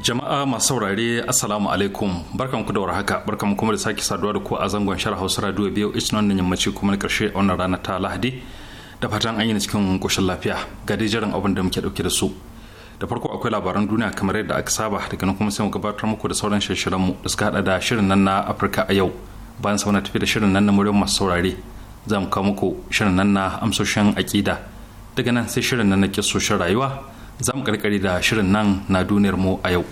Jama'a masu saurare Assalamu alaikum barkan ku da haka barkan kuma da sake saduwa da ku a zangon shara Hausa Radio biyu it's nan yammaci kuma na karshe a wannan rana ta Lahadi da fatan an yi cikin koshin lafiya ga dai jiran abin da muke dauke da su. Da farko akwai labaran duniya kamar yadda aka saba daga nan kuma sai mu gabatar muku da sauran shirin mu da suka hada da shirin nan na Afirka a yau bayan sa tafi da shirin nan na muryar masu saurare za mu kawo muku shirin nan na amsoshin aƙida daga nan sai shirin nan na kisoshin rayuwa za mu karkari da shirin nan na duniyar mu a yau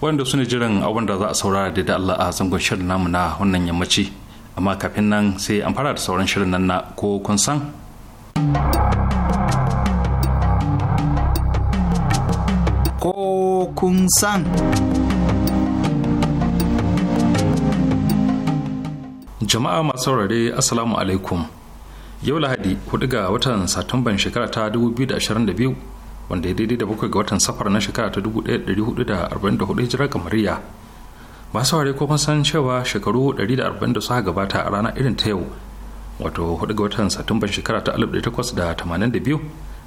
wanda su ne jiran abin da za a saurara da Allah a zangon shirin namu na wannan yammaci amma kafin nan sai an fara da sauran shirin nan na ko kun san ko kun san jama'a masu saurare assalamu alaikum yau lahadi 4 ga watan satumban shekara ta 2022 wanda ya daidai da bakwai ga watan safar na shekara ta 1444 hijirar kamariya masu ware kuma san cewa shekaru 140 da suka gabata a ranar irin ta yau wato 4 ga watan satumban shekara ta 1882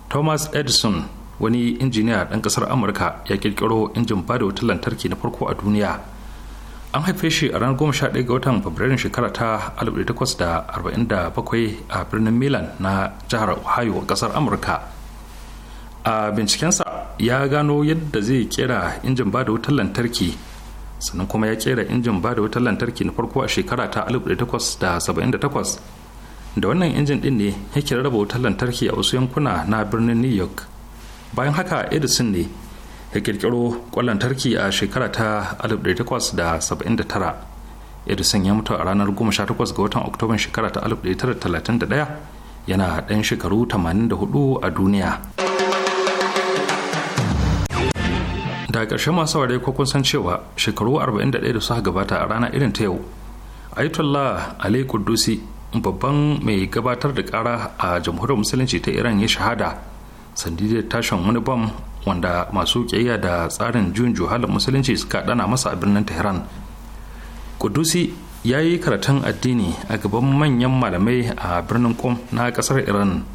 thomas edison wani injiniya ɗan ƙasar amurka ya ƙirƙiro injin bada wutar lantarki na farko a duniya an haife shi a ranar 11 ga watan fabrairun shekara ta 1847 a birnin milan na jihar ohio ƙasar amurka a bincikensa ya gano yadda zai kera injin ba da wutar lantarki sannan kuma ya kera injin ba da wutar lantarki na farko a shekara ta 1878 da wannan injin din ne ya kira rarraba wutar lantarki a wasu yankuna na birnin new york bayan haka edison ne ya kirkiro kwan lantarki a shekara ta 1879 edison ya mutu a ranar 18 ga watan oktoban shekara ta 1931 yana ɗan shekaru 84 a duniya. da ƙarshe masu saurare ko kun san cewa shekaru 41 da suka gabata a rana irin ta yau ayatollah ali kudusi babban mai gabatar da kara a jamhuriyar musulunci ta iran ya shahada sandidiyar tashin wani bam wanda masu kiyaya da tsarin juyin juhalar musulunci suka dana masa a birnin tehran kudusi ya yi karatun addini a gaban manyan malamai a birnin kom na ƙasar iran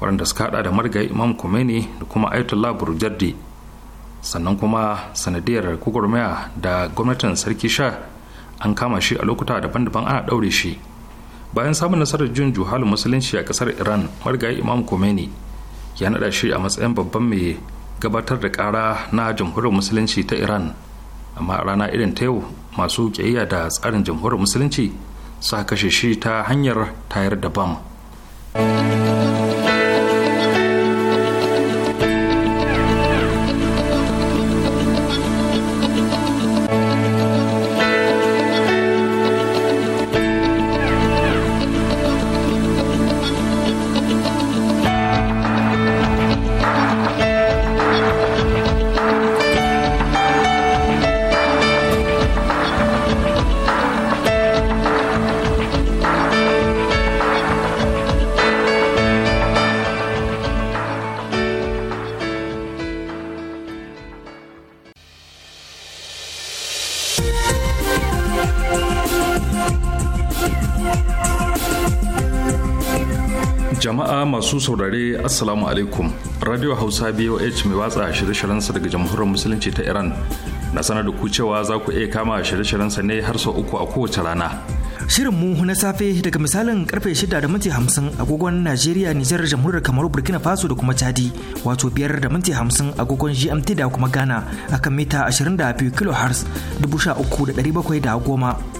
waɗanda suka haɗa da marigayi imam kumeni da kuma ayatollah burjardi sannan kuma sanadiyar gwagwarmaya da gwamnatin sarki sha an kama shi a lokuta daban-daban ana ɗaure shi bayan samun nasarar jin juhalin musulunci a kasar iran marigayi imam khomeini ya naɗa shi a matsayin babban mai gabatar da ƙara na jamhuriyar musulunci ta iran amma a rana irin ta yau masu ƙiyayya da tsarin jamhuriyar musulunci suka kashe shi ta hanyar tayar da bam masu saurare assalamu alaikum radio hausa boh mai watsa shirye-shiryensa daga jamhuriyar musulunci ta iran na sanar da ku cewa za ku iya kama shirye-shiryensa ne har sau uku a kowace rana shirin mu na safe daga misalin karfe shida da minti 50 agogon najeriya nijar jamhuriyar kamar burkina faso da kuma chadi wato biyar da minti 50 agogon gmt da kuma ghana akan mita da 22 kilohertz 13710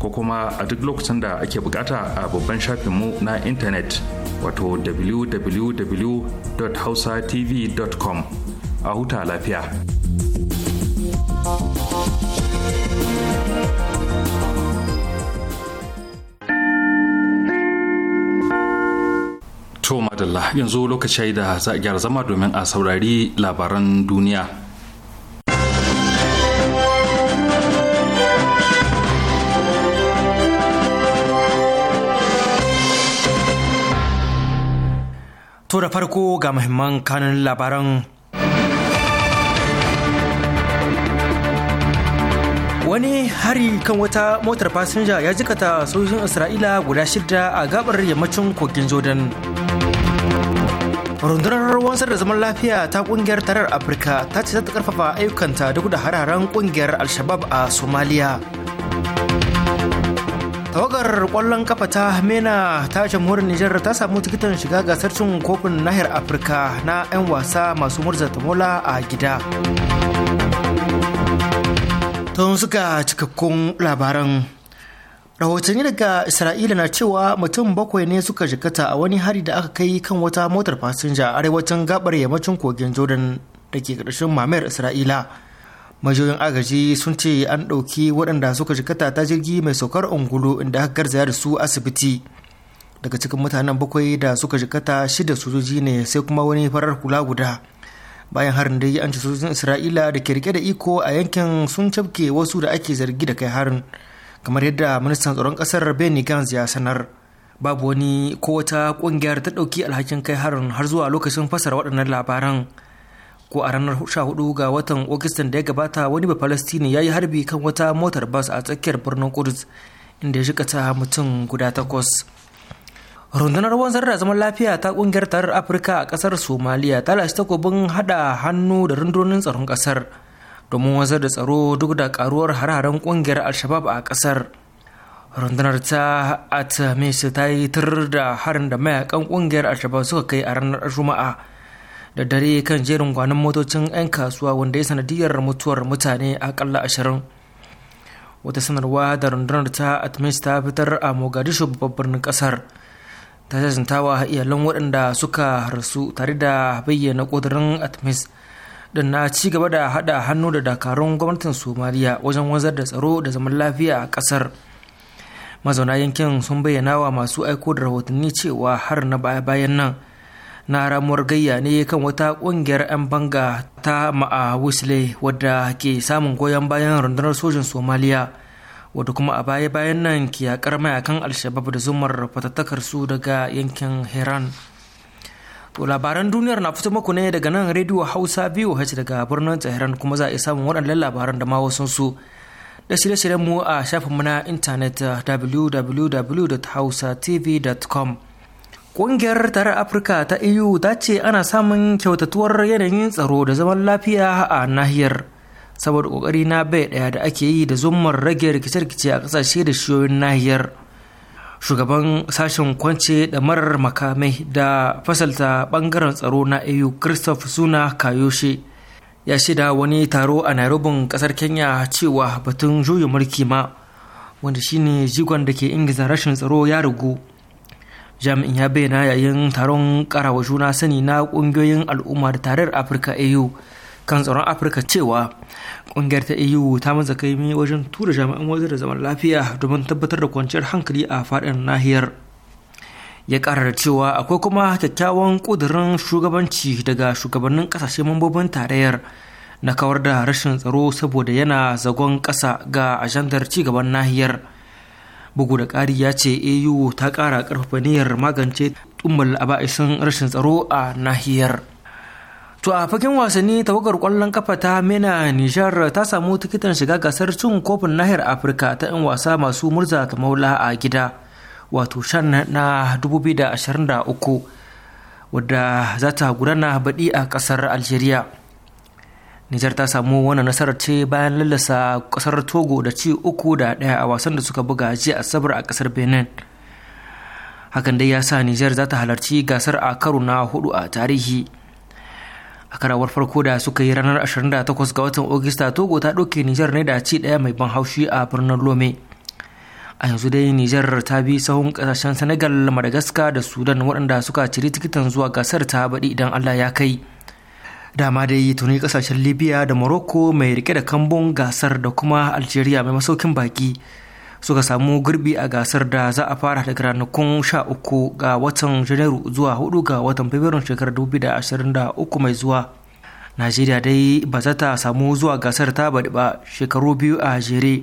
ko kuma a duk lokacin da ake bukata a babban shafinmu na intanet wato www.hausatv.com a huta lafiya. To madalla yanzu lokaci da za a gyara zama domin a saurari labaran duniya. farko ga muhimman kanun labaran wani hari kan wata motar fasinja ya jikata sojojin isra'ila guda shida a gabar yammacin kogin jordan rundunar wansar da zaman lafiya ta kungiyar tarar afirka ta ce ta karfafa ayyukanta duk da hararen kungiyar al-shabab a somaliya tawagar kwallon kafa ta mena ta jamhuriyar nijar ta samu tikitin shiga gasar cin kofin nahiyar afirka na 'yan wasa masu murza tamola a gida tun suka cikakkun labaran rahotanni daga isra'ila na cewa mutum bakwai ne suka jikata a wani hari da aka kai kan wata motar fasinja arewacin gabar yammacin kogin jordan da ke karshen mamayar isra'ila majiyoyin agaji sun ce an ɗauki waɗanda suka jikata ta jirgi mai saukar ungulu inda aka garzaya da su asibiti daga cikin mutanen bakwai da suka jikata shida sojoji ne sai kuma wani farar kula guda bayan harin dai an ci sojojin isra'ila da ke rike da iko a yankin sun cafke wasu da ake zargi da kai harin kamar yadda ministan tsaron kasar benny gantz ya sanar babu wani ko wata kungiyar ta ɗauki alhakin kai harin har zuwa lokacin fasara waɗannan labaran ko a ranar 14 ga watan Agustan da ya gabata wani ba Falastini ya yi harbi kan wata motar bas a tsakiyar birnin kudus inda ya shiga ta mutum guda takwas. Rundunar ruwan da zaman lafiya ta kungiyar tarar Afirka a kasar Somaliya ta lashe takobin hada hannu da rundunonin tsaron kasar domin wanzar da tsaro duk da karuwar hare-haren kungiyar alshabab a kasar. rundunar ta atamis ta yi tur da harin da mayakan kungiyar alshabab suka kai a ranar juma'a da dare kan jerin gwanon motocin 'yan kasuwa wanda ya sanadiyar mutuwar mutane a akalla ashirin wata sanarwa da rundunar ta atmis ta fitar a mogadishu babban kasar ta a iyalan waɗanda suka rasu tare da bayyana ƙudurin atmis din na ci gaba da haɗa hannu da dakarun gwamnatin somaliya wajen wanzar da tsaro da zaman lafiya a ƙasar mazauna yankin sun bayyana wa masu aiko da rahotanni cewa har na baya-bayan nan na ramuwar gayya ne kan wata kungiyar 'yan banga ta ma'a wisle wadda ke samun goyon bayan rundunar sojin somaliya wadda kuma a baya-bayan nan ke yakar mayakan alshabab da zumar fatattakar su daga yankin heran to labaran duniyar na fito muku ne daga nan rediyo hausa biyu h daga birnin tehran kuma za a iya samun waɗannan labaran da ma wasu su da shirye-shiryen mu a shafinmu na intanet uh, www.hausatv.com Ƙungiyar Tare Afirka ta EU ta ce ana samun kyautatuwar yanayin tsaro da zaman lafiya a nahiyar. Saboda ƙoƙari na bai ɗaya da ake yi da zummar rage rikice-rikice a ƙasashe da shiyoyin nahiyar. Shugaban sashen kwance da marar makamai da fasalta ɓangaren tsaro na EU Christoph Suna Kayoshe ya shida wani taro a Nairobi ƙasar Kenya cewa batun juyin mulki ma wanda shine jigon da ke ingiza rashin tsaro ya rugu. jami'in ya bayyana yayin taron karawa juna sani na kungiyoyin al'umma da tarayyar afirka au kan tsaron afirka cewa kungiyar ta au ta maza kaimi wajen tura jami'an waje da zaman lafiya domin tabbatar da kwanciyar hankali a faɗin nahiyar ya ƙara da cewa akwai kuma kyakkyawan ƙudurin shugabanci daga shugabannin ƙasashe mambobin tarayyar na kawar da rashin tsaro saboda yana zagon ƙasa ga ajandar cigaban nahiyar bugu da ƙari ya ce au ta ƙara ƙarfafa niyyar magance tummal aba'isin rashin tsaro a nahiyar to a fagen wasanni tawagar ƙwallon kafa ta mena nijar ta samu tikitin shiga gasar cin kofin nahiyar afirka ta 'yan wasa masu murza ta maula a gida wato shan na 2023 wadda za ta gudana baɗi a ƙasar algeria Nijar ta samu wannan nasarar ce bayan lallasa kasar Togo da ci uku da daya a wasan da suka buga jiya Asabar a kasar Benin. Hakan dai ya sa Nijar za ta halarci gasar a karo na hudu a tarihi. A karawar farko da suka yi ranar 28 ga watan agusta Togo ta ɗauke Nijar ne da ci daya mai ban haushi a birnin Lome. A yanzu dai Nijar ta bi sahun kasashen Senegal, Madagascar da Sudan waɗanda suka ciri tikitan zuwa gasar ta baɗi idan Allah ya kai. dama dai tuni kasashen libya da morocco mai rike da kambun gasar da kuma algeria mai masaukin baki suka samu gurbi a gasar da za a fara daga ranakun 13 ga watan janairu zuwa 4 ga watan fabrairun shekarar 2023 mai zuwa najeriya dai ba za ta samu zuwa gasar ta baɗi ba shekaru biyu a jere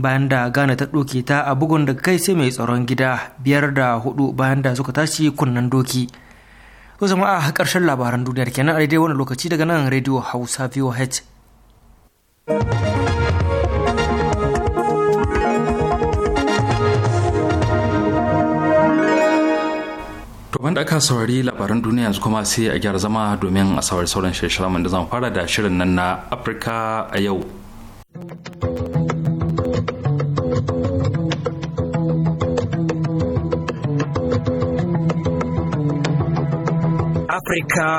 bayan da ghana ta doke ta a bugun da kai sai mai tsaron gida biyar da hudu bayan da suka tashi kunnen doki ko zama a ƙarshen labaran duniyar kenan a daidai wani lokaci daga nan rediyo hausa voh To da aka saurari labaran duniya yanzu kuma sai a gyara zama domin a saurari sauran shirye da zan fara da shirin nan na Afirka a yau. Afirka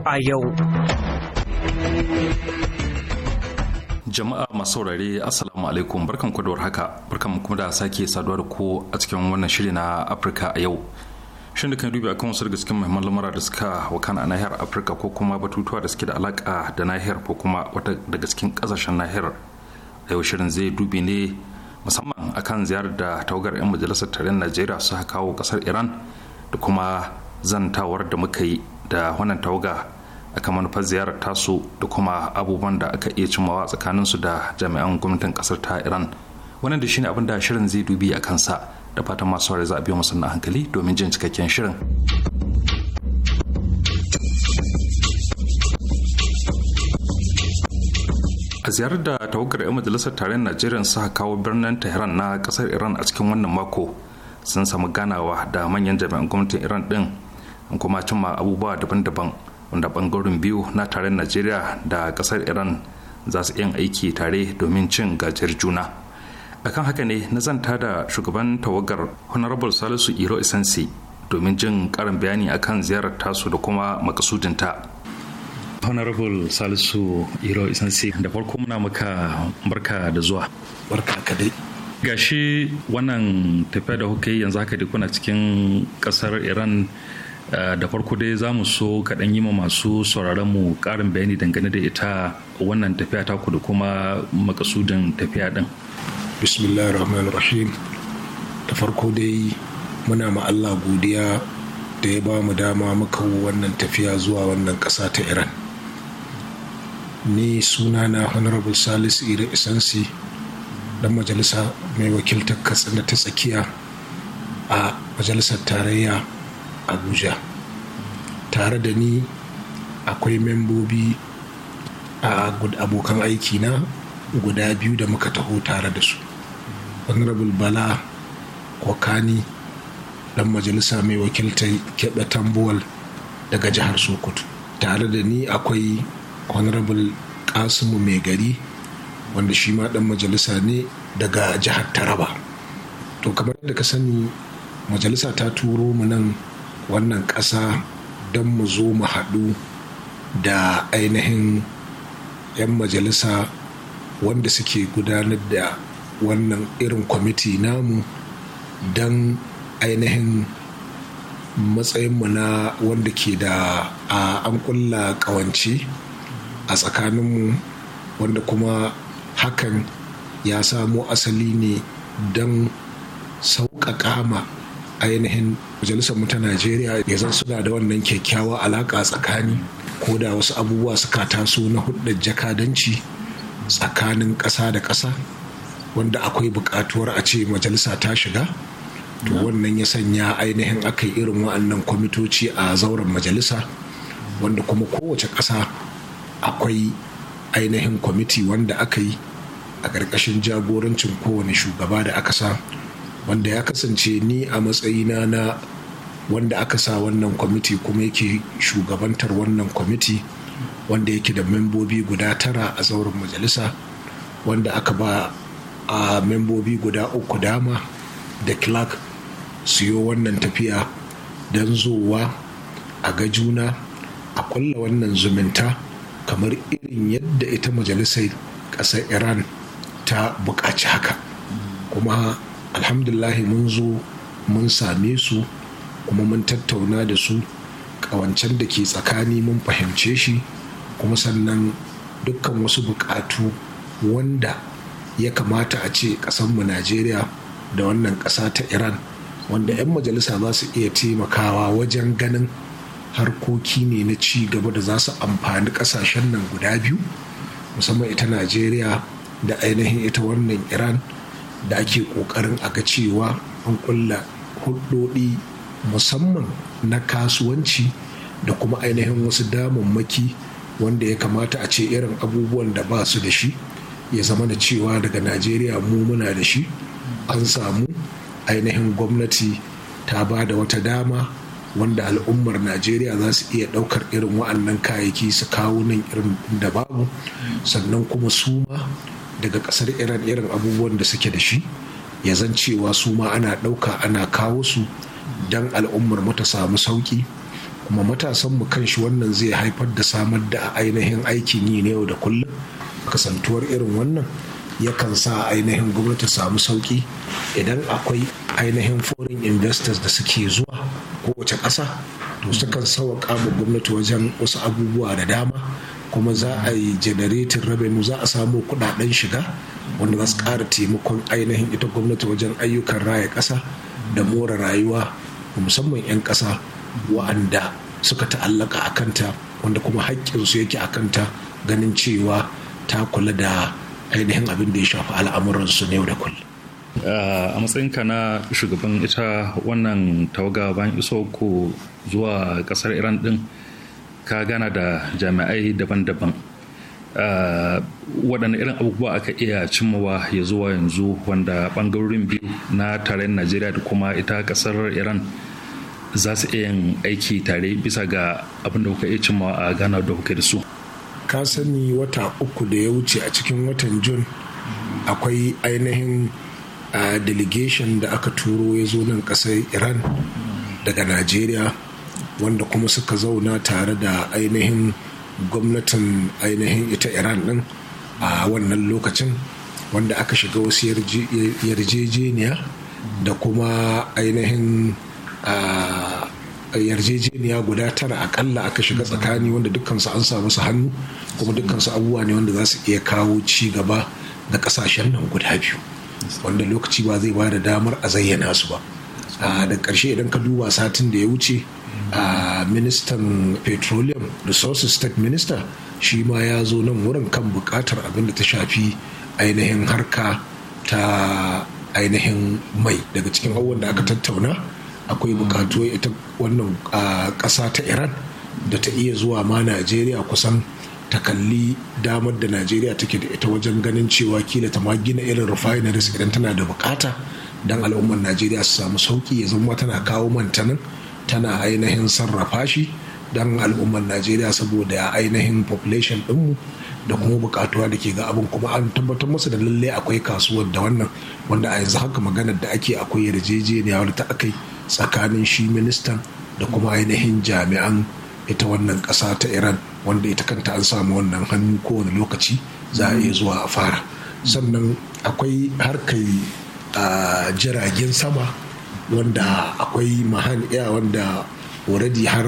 a yau. Jama'a masu saurare Assalamu alaikum barkan ku da warhaka barkan kuma da sake saduwa da ku a cikin wannan shiri na Afirka a yau. Shin da kan dubi akan wasu daga cikin muhimman lamura da suka wakana a nahiyar Afirka ko kuma batutuwa da suke da alaka da nahiyar ko kuma wata daga cikin kasashen nahiyar. A yau shirin zai dubi ne musamman akan ziyarar da tawagar 'yan majalisar taron Najeriya suka kawo kasar Iran da kuma zantawar da muka yi da wannan tawaga aka manufar ziyarar tasu da kuma abubuwan da aka iya tsakanin su da jami'an gwamnatin kasar ta iran wannan da shine abin da shirin zai dubi a kansa da fatan masu za a biyo musu na hankali domin jin cikakken shirin a ziyarar da tawagar 'yan majalisar tarayyar najeriya suka kawo birnin tehran na kasar iran a cikin wannan mako sun samu ganawa da manyan jami'an gwamnatin iran din an kuma cimma abubuwa daban-daban wanda bangaren biyu na taron najeriya da kasar iran za su yin aiki tare domin cin gajiyar juna akan haka ne na zanta da shugaban tawagar honorable salisu iro isansi domin jin karin bayani akan ziyarar tasu da kuma makasudinta honorable salisu iro isansi da farko muna maka barka da zuwa barka ka dai gashi wannan tafiya da hukai yanzu haka kuna cikin kasar iran Eh, da farko dai za mu so kaɗan yi ma masu sauraron mu ƙarin bayani dangane da ita wannan tafiya taku da kuma makasudin tafiya ɗin. bismillahir rahman rahim da farko dai muna ma allah godiya da ya ba mu dama muka wannan tafiya zuwa wannan ƙasa ta iran ni suna na honorable salisu ira isansi dan majalisa mai wakiltar katsina ta tsakiya a majalisar tarayya abuja tare da ni akwai membobi a abokan aiki na guda biyu da muka taho tare da su honorable bala kwakani dan majalisa mai wakiltar keɓe tambuwal daga jihar sokoto tare da ni akwai honorable kasimu mai gari wanda shi ma dan majalisa ne daga jihar taraba to kamar da ka sani majalisa ta turo mu nan wannan ƙasa don mu zo mu haɗu da ainihin 'yan majalisa wanda suke gudanar da wannan irin kwamiti namu don ainihin matsayinmu na wanda ke da an kulla ƙawance a tsakaninmu wanda kuma hakan ya samo asali ne don sauƙaƙa ma ainihin majalisar mu ta najeriya ya zan suna da wannan kyakkyawa alaƙa tsakani ko da wasu abubuwa suka taso na hudda jakadanci tsakanin ƙasa da ƙasa wanda akwai buƙatuwar a ce majalisa ta shiga to wannan ya sanya ainihin aka yi irin wa'annan kwamitoci a zauren majalisa wanda kuma kowace ƙasa akwai ainihin kwamiti wanda aka yi a ƙarƙashin jagorancin kowane shugaba da aka sa wanda ya kasance ni a matsayina na wanda aka sa wannan kwamiti kuma yake shugabantar wannan kwamiti wanda yake da membobi guda tara a zauren majalisa wanda aka ba a membobi guda uku dama da clark siyo wannan tafiya don zowa a ga juna a kulla wannan zumunta kamar irin yadda ita majalisar ƙasar iran ta buƙaci haka kuma alhamdulahi mun zo mun same su kuma mun tattauna da su ƙawancen da ke tsakani mun fahimce shi kuma sannan dukkan wasu bukatu wanda ya kamata a ce mu najeriya da wannan ƙasa ta iran wanda 'yan majalisa za su iya taimakawa wajen ganin harkoki ne na ci gaba da za su amfani ƙasashen nan guda biyu musamman ita najeriya da ainihin ita wannan iran da ake ƙoƙarin a ga cewa an ƙulla hudodi musamman na kasuwanci da kuma ainihin wasu damammaki wanda ya kamata a ce irin abubuwan da ba su da shi ya zama da cewa daga najeriya mu muna da shi an samu ainihin gwamnati ta ba da wata dama wanda al'ummar najeriya za su iya ɗaukar irin wa'annan kayayyaki su kawo nan irin da babu sannan kuma su ma daga kasar iran irin abubuwan da suke da shi ya zan cewa su ma ana ɗauka ana kawo su don al'ummar mu ta samu sauƙi kuma matasan mu kan shi wannan zai haifar da samar da ainihin aikin yi na yau da kullum kasantuwar irin wannan yakan sa ainihin gwamnati samu sauƙi idan akwai ainihin foreign investors da suke zuwa kowace ƙasa to sukan sauwa ƙamun gwamnati wajen wasu abubuwa da dama kuma za a yi generating revenue za a samu kudaden shiga wanda za su ƙara taimakon ainihin ita gwamnati wajen ayyukan raya ƙasa da more rayuwa musamman 'yan ƙasa wa'anda suka ta'allaka a kanta wanda kuma haƙƙinsu yake a kanta ganin cewa ta kula da ainihin abin da ya shafi al'amuransu yau da kullum. Ah, a matsayin ka na shugaban ita wannan tawaga bayan iso ku zuwa ƙasar iran din ka gana da jami'ai daban-daban ah, waɗanne irin abubuwa aka iya cimmawa ya zuwa yanzu wanda ɓangarorin biyu na tarayyar najeriya da kuma ita ƙasar iran za su iya yin aiki tare bisa ga abin da kuka iya cimmawa a gana da kuka da su ka sani wata uku da ya wuce a cikin watan jun akwai ainihin ah, delegation da aka turo ya zo nan ƙasar iran daga najeriya wanda kuma suka zauna tare da ainihin gwamnatin ainihin ita iran din a wannan lokacin wanda aka shiga wasu yarjejeniya da kuma ainihin yarjejeniya guda tara akalla aka shiga tsakani wanda dukkansu an samu su hannu kuma dukkansu abubuwa ne wanda za su iya kawo ci gaba da kasashen nan guda biyu wanda lokaci ba zai ba da damar a zayyana su ba. Ah, da ƙarshe idan ka duba satin da ya wuce a ah, ministan petroleum resources state minister shi ma ya zo nan wurin kan buƙatar abin da ta shafi ainihin harka ta ainihin mai daga cikin abubuwan da aka tattauna akwai bukatu ita wannan ah, ƙasa ta iran da ta iya zuwa ma najeriya kusan ta kalli damar da najeriya take da ita wajen ganin cewa kila ta ma gina irin refineries idan tana da bukata don al'ummar najeriya su samu sauki ya zama tana kawo mantanin tana ainihin sarrafa shi don al'ummar najeriya saboda ainihin population ɗinmu da kuma bukatuwa da ke ga abin kuma an tabbatar masa da lalle akwai kasuwar da wannan wanda a yanzu haka maganar da ake akwai yarjejeniya wadda ta akai tsakanin shi ministan da kuma ainihin jami'an ita wannan ƙasa ta iran wanda ita kanta an samu wannan hannu kowane lokaci za a iya zuwa a fara sannan akwai harkar a jiragen sama wanda akwai mahan air wanda already har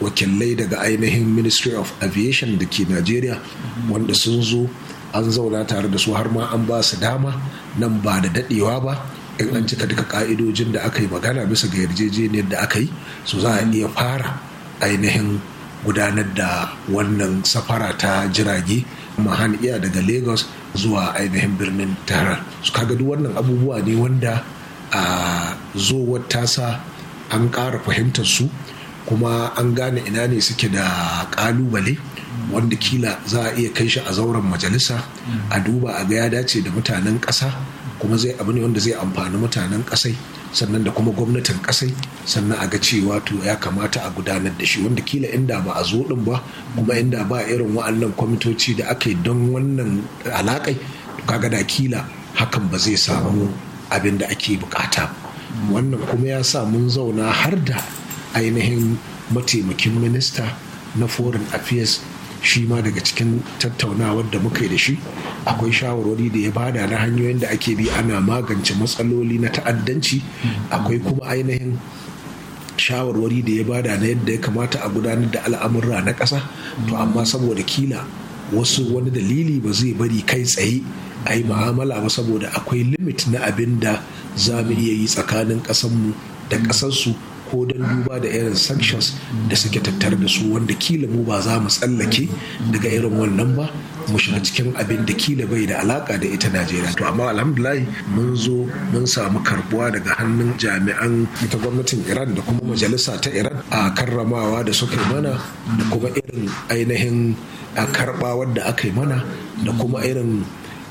wakilai daga ainihin ministry of aviation da ke nigeria wanda sun zo an zauna tare da su har ma an ba su dama nan ba da dadewa ba in an cika duka ka'idojin da aka yi magana bisa ga yarjejeniyar da aka yi su za a iya fara ainihin gudanar da wannan safara ta jirage mahaniya daga lagos zuwa ainihin birnin tarar su kaga duk wannan abubuwa ne wanda a ta tasa an ƙara fahimtar su kuma an gane ina ne suke da ƙalubale wanda kila za a iya kai shi a zauren majalisa a duba a ga ya dace da mutanen ƙasa kuma zai abu ne wanda zai amfani mutanen kasai sannan da kuma gwamnatin kasai sannan a ga cewa to ya kamata a gudanar da shi wanda kila inda ba a zo din ba kuma inda ba irin wa'annan kwamitoci da aka yi don wannan alaƙai kaga da kila hakan ba zai samu abin da ake bukata wannan kuma ya sa mun zauna har da ainihin mataimakin minista na foreign affairs shi ma daga cikin tattaunawar da muka yi da shi akwai shawarwari da ya bada na hanyoyin da ake bi ana magance matsaloli na ta'addanci akwai kuma ainihin shawarwari da ya bada na yadda ya kamata a gudanar da al'amurra na ƙasa to amma saboda kila wasu wani dalili ba zai bari kai tsaye a yi ma'amala ba saboda akwai limit na abin da zamu iya yi tsakanin ƙasanmu da ƙasarsu ko don duba da irin sanctions da suke tattare da su wanda kila mu ba za mu tsallake daga irin wannan ba mu shiga cikin abin da kila bai da alaka da ita najeriya to amma alhamdulahi mun zo mun samu karbuwa daga hannun jami'an ita gwamnatin iran da kuma majalisa ta iran a karramawa da suka mana da kuma irin ainihin karba wadda aka yi mana da kuma irin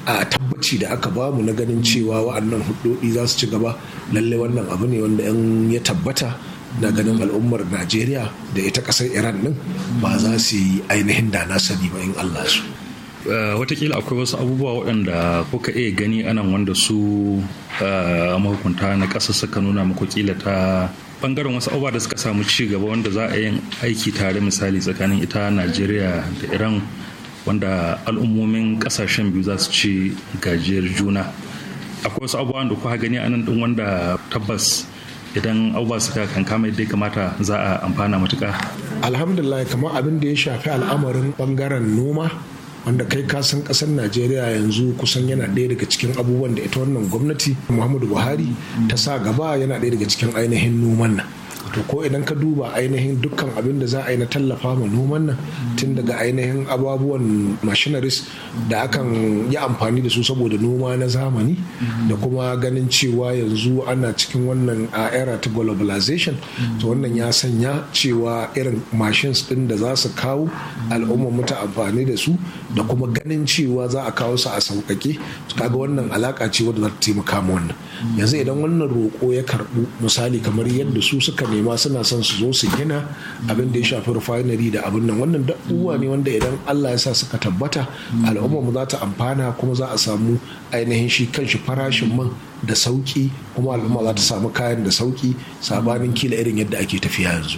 a tabbaci da aka bamu na ganin cewa wa'annan hudodi za su ci gaba lalle wannan abu ne wanda in ya tabbata na ganin al'ummar najeriya da ita ƙasar iran din ba za su yi ainihin da na sani ba in allah su eh, watakila akwai wasu abubuwa waɗanda kuka iya gani anan wanda su eh, mahukunta na ƙasa suka nuna muku kila ta bangaren wasu abubuwa da suka samu ci gaba wanda za a yi aiki tare misali tsakanin ita najeriya da iran wanda al'ummomin kasashen biyu za su ci gajiyar juna akwai wasu abubuwa da kuka gani anan din wanda tabbas idan abubuwa suka kankama yadda kamata za a amfana matuka alhamdulillah kamar abin da ya shafi al'amarin bangaren noma wanda kai kasan kasar najeriya yanzu kusan yana ɗaya daga cikin abubuwan da ita wannan gwamnati muhammadu buhari ta sa gaba yana ɗaya daga cikin ainihin noman nan to ko idan ka duba ainihin dukkan abin da za a yi na tallafa ma noman nan tun daga ainihin ababuwan machineries da akan yi amfani da su saboda noma na zamani da kuma ganin cewa yanzu ana cikin wannan era ta globalization to wannan ya sanya cewa irin machines din da za su kawo al'ummar muta ta amfani da su da kuma ganin cewa za a kawo su a sauƙaƙe kaga wannan alaka ce wadda za ta taimaka ma wannan yanzu idan wannan roƙo ya karɓu misali kamar yadda su suka ma suna son su zo su gina abin da ya shafi refinery da abin nan wannan uwa ne wanda idan Allah ya sa suka tabbata al'ummar mu za ta amfana kuma za a samu ainihin shi kan shi farashin man da sauki kuma al'umma za ta samu kayan da sauki sabanin kila irin yadda ake tafiya yanzu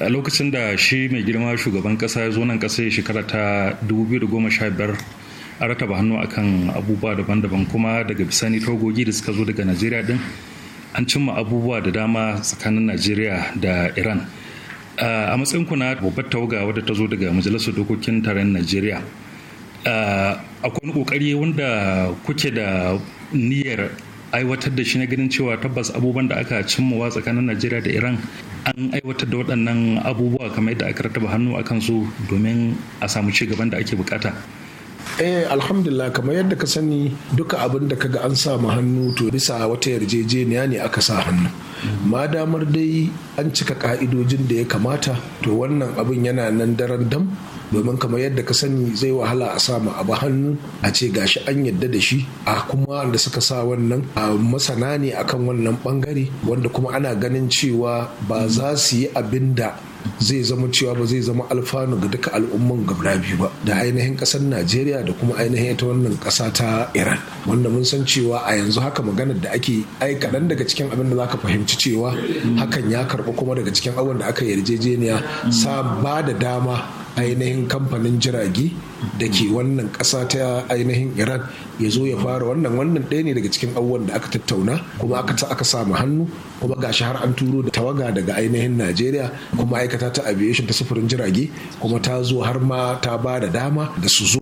a lokacin da shi mai girma shugaban kasa ya zo nan kasa shekara ta 2015 a rataba hannu akan abubuwa daban-daban kuma daga bisani togogi da suka zo daga najeriya din an cimma abubuwa da dama tsakanin najeriya da iran a matsayin kuna babbar tawaga wadda ta zo daga majalisar dokokin taron najeriya akwai wani kokari wanda kuke da niyyar aiwatar da shi na ganin cewa tabbas abubuwan da aka cimmawa tsakanin najeriya da iran an aiwatar da waɗannan abubuwa kamar yadda aka rataba hannu akan su domin a samu ci gaban da ake bukata eh alhamdulillah kamar yadda ka sani duka abin da kaga an samu hannu to bisa wata yarjejeniya ne aka sa hannu ma damar dai an cika ka'idojin da ya kamata to wannan abin yana nan daren dam domin kamar yadda ka sani zai wahala a samu abu hannu a ce gashi an yadda da shi a kuma da suka sa wannan a masana ne akan wannan bangare wanda kuma ana ganin cewa ba za su yi abin da zai zama cewa ba zai zama alfanu ga duka al'umman gabna biyu ba da ainihin kasar najeriya da kuma ainihin ita wannan kasa ta iran wanda mun san cewa a yanzu haka maganar da ake ai kaɗan daga cikin abin da zaka fahimci cewa hakan ya karɓi kuma daga cikin abin da aka yarjejeniya sa ba da dama ainihin kamfanin jirage da ke wannan ƙasa ta ainihin iran ya zo ya fara wannan wannan ɗaya ne daga cikin abubuwan da aka tattauna kuma aka ta aka samu hannu kuma gashi har an turo da tawaga daga ainihin najeriya kuma aikata ta aviation ta sufurin jirage kuma ta zo har ma ta ba da dama da su zo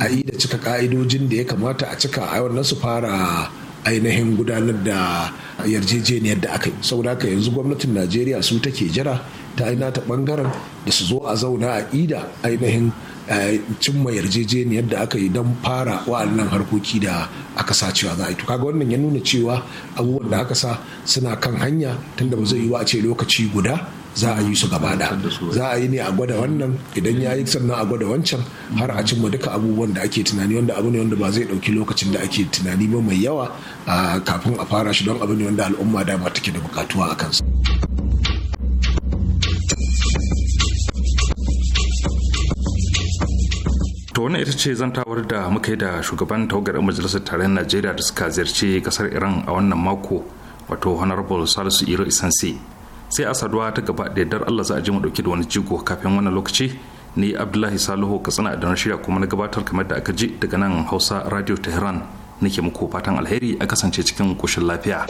a yi da cika ka'idojin da ya kamata a cika a wannan su fara ainihin gudanar da yarjejeniyar da aka yi saboda haka yanzu gwamnatin najeriya su take jira ta aina ta bangaren da su zo a zauna a ida ainihin eh, cimma yarjejeniyar da aka yi don fara wa'annan harkoki da aka sa cewa za a yi to kaga wannan ya nuna cewa abubuwan da aka sa suna kan hanya tunda ba zai yi wa a ce lokaci guda za a yi su gaba da za a yi ne a gwada wannan idan ya yi sannan a gwada wancan har a cimma duka abubuwan da ake tunani wanda abu ne wanda ba zai ɗauki lokacin da ake tunani ba mai yawa kafin a fara shi don abu ne wanda al'umma dama take da bukatuwa a kansa. to wannan ita ce zantawar da muka yi da shugaban tawagar majalisar tarayyar najeriya da suka ziyarci kasar iran a wannan mako wato honorable salisu iro isansi sai a saduwa ta gaba da yardar Allah za a ji mu dauke da wani jigo kafin wannan lokaci ni Abdullahi Salihu Katsina da na shirya kuma na gabatar kamar da aka ji daga nan Hausa Radio Tehran nake muku fatan alheri a kasance cikin koshin lafiya.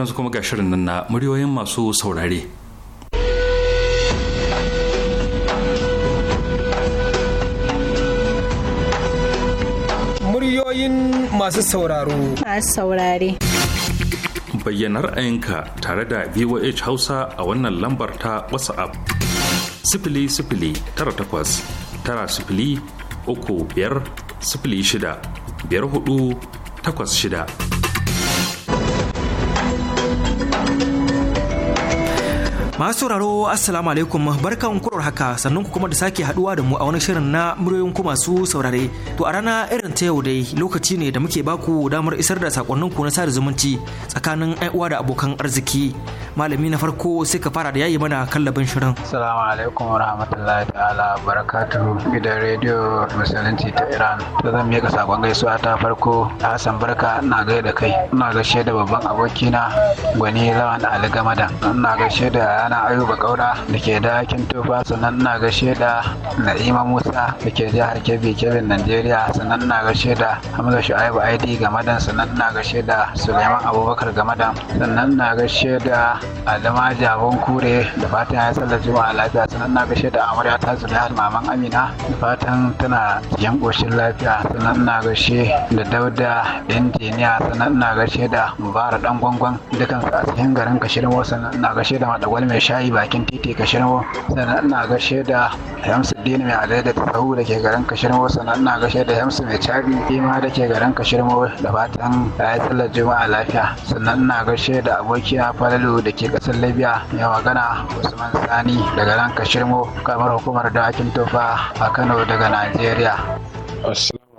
yanzu kuma ga shirin nan na muryoyin masu saurare. Muryoyin masu sauraro. Masu saurare. Bayyana ra'ayinka tare da VOH Hausa a wannan lambar ta WhatsApp. Sifili sifili tara takwas tara sifili uku biyar sifili shida biyar hudu takwas shida. Masu sauraro Assalamu alaikum barkan kurar haka sannan ku kuma da sake haduwa da mu a wani shirin na muryoyin ku masu saurare. To a rana irin ta yau dai lokaci ne da muke baku damar isar da sakonnin ku na sada zumunci tsakanin uwa da abokan arziki. Malami na farko sai ka fara da yayi mana kallabin shirin. Assalamu alaikum wa rahmatullahi ta'ala barakatuhu gidan rediyo musulunci ta Iran. To zan miƙa sakon gaisuwa ta farko Hassan Barka ina gaida kai. Ina gaishe da babban abokina Gwani Lawan Ali Gamada. Ina gaishe da sunana ayuba kaura da ke dakin tufa sannan na gashe da na'ima musa da ke jihar kebbi kebbi nigeria sannan na gashe da hamza shu'aibu id gamadan sannan na gashe da suleiman abubakar gamadan sannan na gashe da alima jabon kure da fatan ya sallar juma'a lafiya sannan na gashe da amarya ta zuliyar maman amina da fatan tana yan koshin lafiya sannan na gashe da dauda injiniya sannan na gashe da Mubara dan gwangwan dukansu a cikin garin kashirin wasu na gashe da madagwal mai shayi bakin titi Kashirmo sannan ina gashe da dini mai alai da tsawo da ke garin Kashirmo sannan ina gashe da Hamsu mai cari Ima da ke garin Kashirmo da fatan ya sallar Juma'a lafiya sannan ina gashe da abokina Falalu da ke kasar Libya mai magana Usman Sani daga nan Kashirmo kamar hukumar dakin tufa a Kano daga Najeriya.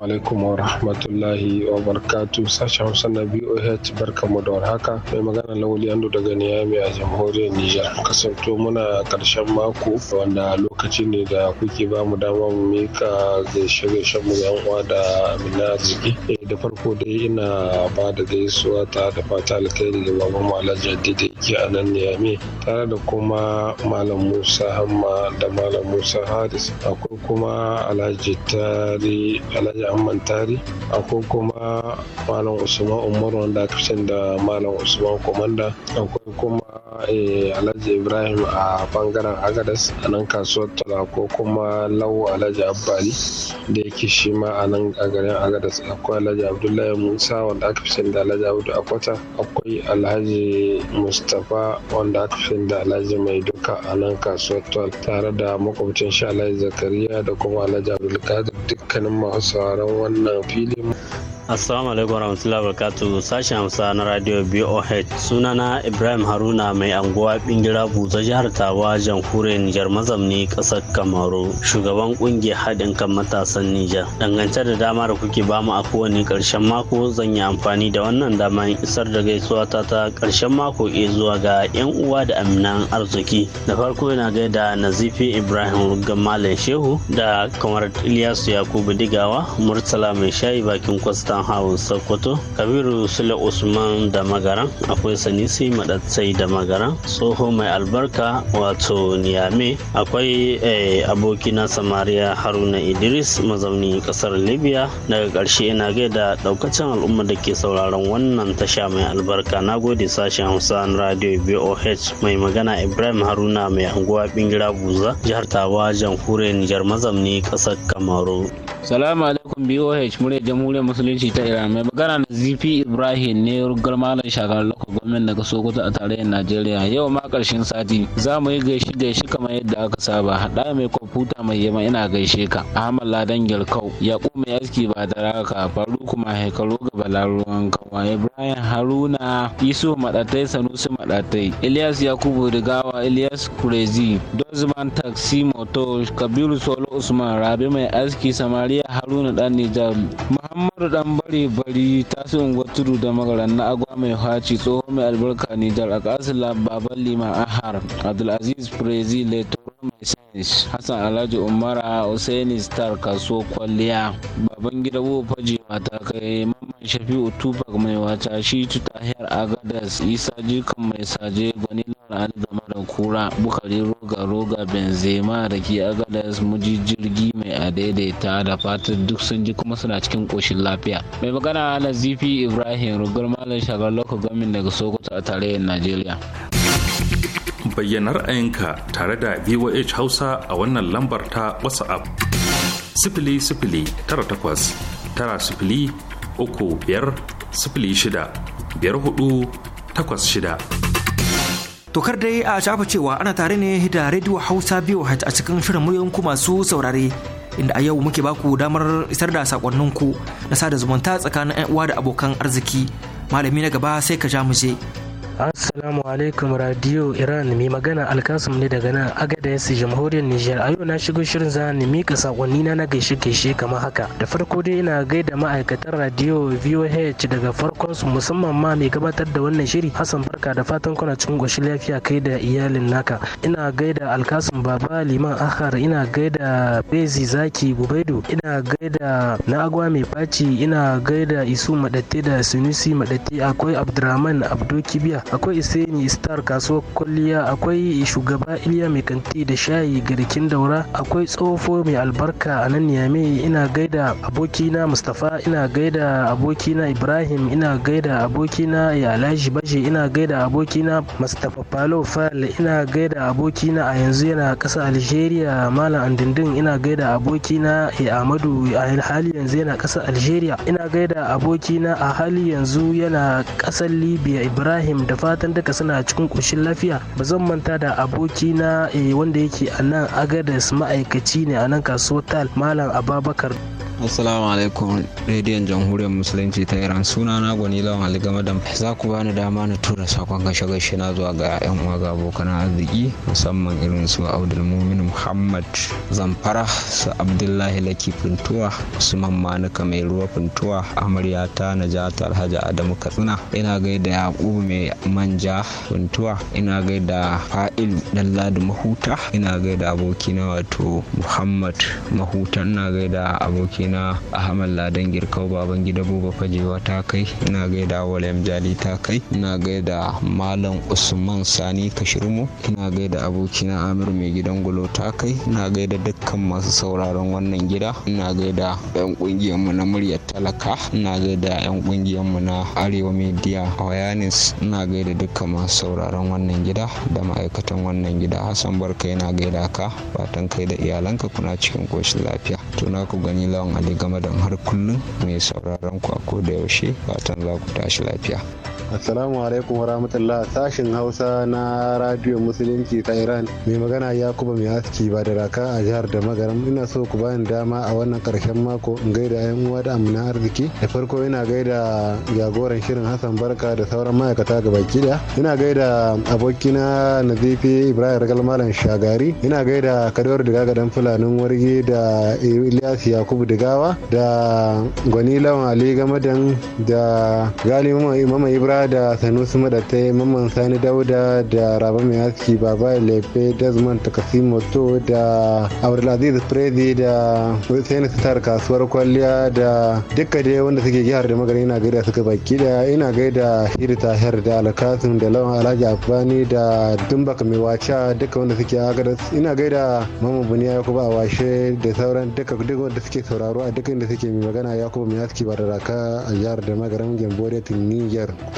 alaikum wa rahmatullahi wa sashen hausa na BOH mu da warhaka mai magana Lawali Ando daga Niyami a jamhuriyar Nijar. Kasanto muna karshen mako wanda lokaci ne da kuke ba mu dama mu mika gaishe-gaishen mu yan uwa da amina arziki. Eh, da farko dai ina ba da gaisuwa ta da fata alkhairi da baban malam jaddi da yake a nan Niyami tare da kuma malam Musa Hamma da malam Musa Haris akwai kuma Alhaji Tari Alhaji Amman Tari akwai kuma Malam Usman Umar wanda aka da Malam Usman Komanda akwai kuma Eh, alhaji ibrahim a bangaren agadas a nan kasuwar tala ko kuma lau alhaji abbali da yake shi ma a nan a garin agadas akwai alhaji abdullahi musa wanda aka fi da alhaji abdu akwata akwai alhaji mustapha wanda aka fi da alhaji mai duka a nan kasuwar tala tare da makwabcin shi alhaji zakariya da kuma alhaji abdulkadir dukkanin masu sauraron wannan filin assalamu alaikum warahmatullahi wabarakatuh sashen hamsa na radio boh sunana ibrahim haruna haruna mai anguwa bingira buza jihar taba jamhuriyar nijar mazamni kasar kamaru shugaban kungiyar haɗin kan matasan nijar dangance da dama da kuke bamu a kowane ƙarshen mako zan yi amfani da wannan dama isar da gaisuwa ta ta ƙarshen mako e zuwa ga yan uwa da amina arziki da farko yana gaida nazifi ibrahim rugan shehu da kamar ilyasu yakubu digawa murtala mai shayi bakin kwastan hawan sokoto kabiru sule usman da magaran akwai sanisi madatsai da magana tsoho mai albarka wato niyame akwai eh, abokina samariya haruna idris mazauni kasar libya daga ƙarshe ina gaida daukacin al'umma da ke sauraron wannan tasha mai albarka na gode sashen hausa na radio boh mai magana ibrahim haruna mai anguwa bingira buza jihar tawa jamhuriyar nijar mazauni ƙasar kamaru Salamu alaikum BOH murya jamhuriyar musulunci ta Iran mai magana na zifi Ibrahim ne rugar malam shagar lokacin gwamnati daga Sokoto a tarayyar Najeriya yau ma karshen sati za mu yi gaishe gaishe kamar yadda aka saba haɗa mai kwamfuta mai yama ina gaishe ka Ahmad Ladan Ya kuma mai aski ba da raka faru kuma haikalo ga balaruwan kawa Ibrahim Haruna Yusuf maɗatai Sanusi maɗatai. Ilyas Yakubu Rigawa Ilyas Kurezi Dozman Taxi Motor Kabiru Solo Usman Rabi mai aski Samari Maria Haruna dan Nijar. Muhammadu dan bari bari taso unguwar tudu da magaran na agwa mai haci tsoho mai albarka Nijar a kasila baban lima ahar Abdulaziz Prezi Leto mai sanis Hassan Alhaji Umara Hussaini Star kaso kwalliya baban gida faji mata kai mamman shafi'u tupac mai wata shi tutahiyar agadas isa jikan mai saje gwani lura ali da da kura bukari roga roga benzema da ke agadas muji jirgi mai adaidaita da fatan duk sun ji kuma suna cikin koshin lafiya mai magana lazifi ibrahim rugar malam shagar lokacin gamin daga sokoto a tarayyar najeriya bayyana ra'ayinka tare da voh hausa a wannan lambar ta whatsapp 008 tara takwas tara sifili uku biyar sifili shida biyar hudu takwas shida. Tokar dai a shafa cewa ana tare ne da Radio Hausa biyu a cikin shirin muryoyin masu saurare inda a yau muke baku damar isar da sakonninku na sada zumunta tsakanin 'yan uwa da abokan arziki. Malami na gaba sai ka ja mu je. Assalamu alaikum Radio Iran mai magana Alkasum ne daga nan Agadez Jamhuriyar Nijar. A yau na shigo shirin za ni mika sakonni na na gaishe gaishe kamar haka. Da farko dai ina gaida ma'aikatan Radio VOH daga farkon su musamman ma mai gabatar da wannan shiri Hassan Barka da fatan kuna cikin goshi lafiya kai da iyalin naka. Ina gaida Alkasum Baba Liman Ahar, ina gaida Bezi Zaki Bubaidu, ina gaida Nagwa mai faci, ina gaida Isu Madatte da Sunusi Madatte, akwai Abdurrahman Abdo Kibiya, akwai Seni Star kasuwar kwalliya akwai shugaba Iliya mai kanti da shayi garkin daura akwai tsofo mai albarka a nan niame ina gaida abokina Mustapha ina gaida abokina Ibrahim ina gaida abokina ya Alhaji Baje ina gaida abokina Mustapha Palo Fal ina gaida abokina a yanzu yana ƙasa Algeria Malam Andindin ina gaida abokina ya Amadu a hali yanzu yana kasa Algeria ina gaida abokina a hali yanzu yana ƙasar Libya Ibrahim da fatan fatan duka suna cikin ƙoshin lafiya ba zan manta da aboki na eh, wanda yake a nan agadas ma'aikaci ne a nan kasuwar tal malam ababakar assalamu alaikum rediyon jamhuriyar musulunci ta iran suna na gwani lawan aligama da za ku bani dama na tura sakon gashe gashe na zuwa ga yan uwa ga abokan arziki musamman irin su abdulmumin muhammad zamfara su abdullahi laki fintuwa usman manuka mai ruwa fintuwa amaryata najata alhaji adamu katsina ina gaida yaƙubu mai manja fintuwa ina gaida Fail dalladu mahuta ina gaida abokina wato muhammad mahuta ina gaida abokina na ahmad ladan girkau baban gida buba fajewa ta kai ina gaida walayam jali ta kai ina gaida malam usman sani Kashirmu ina gaida abokina amir mai gidan gulo ta kai ina gaida dukkan masu sauraron wannan gida ina gaida yan kungiyar mu na muryar talaka ina gaida yan kungiyar mu na arewa media awareness ina gaida dukkan masu sauraron wannan gida da ma'aikatan wannan gida hassan barka yana gaida ka fatan kai da iyalanka kuna cikin koshin lafiya to na ku gani lawan game da har kullum mai sauraron ku a koda yaushe fatan za ku tashi lafiya. assalamu alaikum wa rahmatullah sashin hausa na radio musulunci ta iran mai magana yakuba mai aski ba da raka a jihar da magaram ina so ku bani dama a wannan karshen mako in gaida yan uwa da amina arziki da farko ina gaida jagoran shirin hassan barka da sauran ma'aikata ga daya ina gaida abokina nazifi ibrahim ragal shagari ina gaida kadawar diga Gagadan fulanin warge da ilyas yakubu digawa da gwani lawan ali gamadan da gali mama ibrahim hada da sanusi madatai mamman sani dauda da raba mai aski baba lefe desmond takasimoto da abdulaziz prezi da hussein sitar kasuwar kwalliya da duka dai wanda suke jihar da magani ina gaida suka baki da ina gaida shiri tahir da alkasim da lawan alhaji afani da dumbaka mai wacha duka wanda suke agadas ina gaida mamman buniya ya kuma a washe da sauran duka duk wanda suke sauraro a duk inda suke mai magana ya kuma mai aski ba da raka a jihar da magani gembore da niger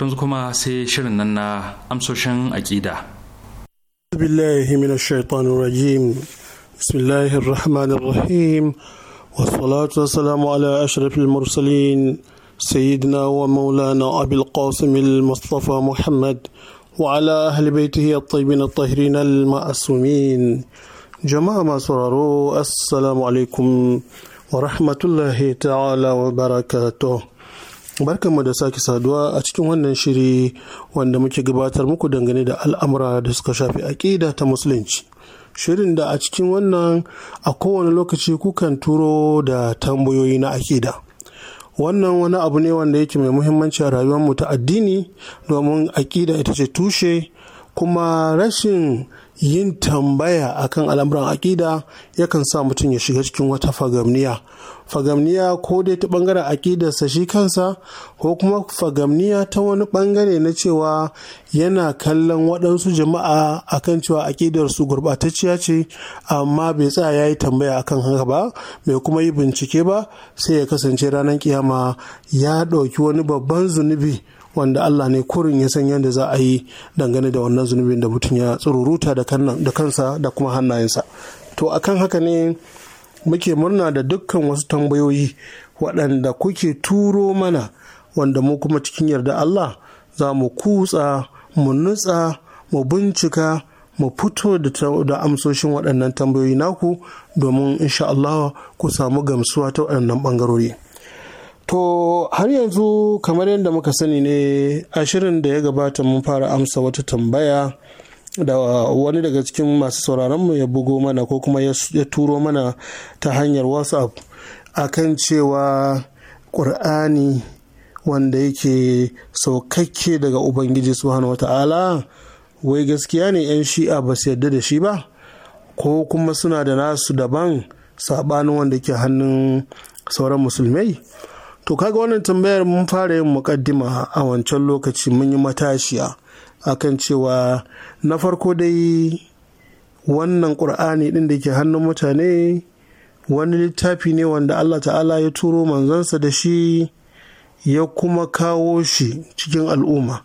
yanzu kuma sai shirin nan na amsoshin aƙida. billahi min shaitanir rajim bismillahir rahmanir rahim wasalatu wasalamu ala ashrafil mursalin سيدنا ومولانا أبي القاسم المصطفى محمد وعلى أهل بيته الطيبين الطاهرين المعصومين جماعة at السلام عليكم ورحمة الله تعالى وبركاته Barkanmu da sake saduwa a cikin wannan shiri wanda muke gabatar muku dangane da al'amura da suka shafi aƙida ta musulunci. Shirin da a cikin wannan a kowane lokaci kukan turo da tambayoyi na aƙida. Wannan wani abu ne wanda yake mai muhimmanci a rayuwarmu ta addini domin aƙida ita ce tushe kuma rashin yin tambaya akan al'amuran aƙida yakan sa mutum ya shiga cikin wata fagamniya fagamniya ko dai ta bangaren aƙidarsa shi kansa ko kuma fagamniya ta wani bangare na cewa yana kallon waɗansu jama'a akan cewa aƙidarsu gurɓatacciya ce amma bai tsaya ya yi tambaya akan haka ba bai kuma yi bincike ba sai ya kasance ranar kiyama ya ɗauki wani babban zunubi wanda Allah ne kurin ya san yadda za a yi dangane da wannan zunubin da mutum ya tsururuta da kansa da kuma hannayensa to akan haka ne muke murna da dukkan wasu tambayoyi waɗanda kuke turo mana wanda mu kuma cikin yarda Allah za mu kutsa mu nutsa mu bincika mu fito da amsoshin waɗannan tambayoyi naku domin insha Allah ku samu gamsuwa ta waɗannan ɓangarori. To har yanzu kamar yadda muka sani ne a shirin da ya gabata mun fara amsa wata tambaya da wani daga cikin masu sauraronmu ya bugo mana ko kuma ya turo mana ta hanyar whatsapp kan cewa ƙur'ani wanda yake saukakke daga ubangiji subhanahu wata'ala wai gaskiya ne 'yan shi'a ba su yadda da shi ba ko kuma suna da nasu daban sabanin wanda ke hannun sauran musulmai to kaga wannan tambayar mun fara yin mukaddima a wancan lokaci mun yi matashiya akan cewa na farko dai wannan ƙur'ani ɗin da ke hannun mutane wani littafi ne wanda Allah ta'ala ya turo manzansa da shi ya kuma kawo shi cikin al'umma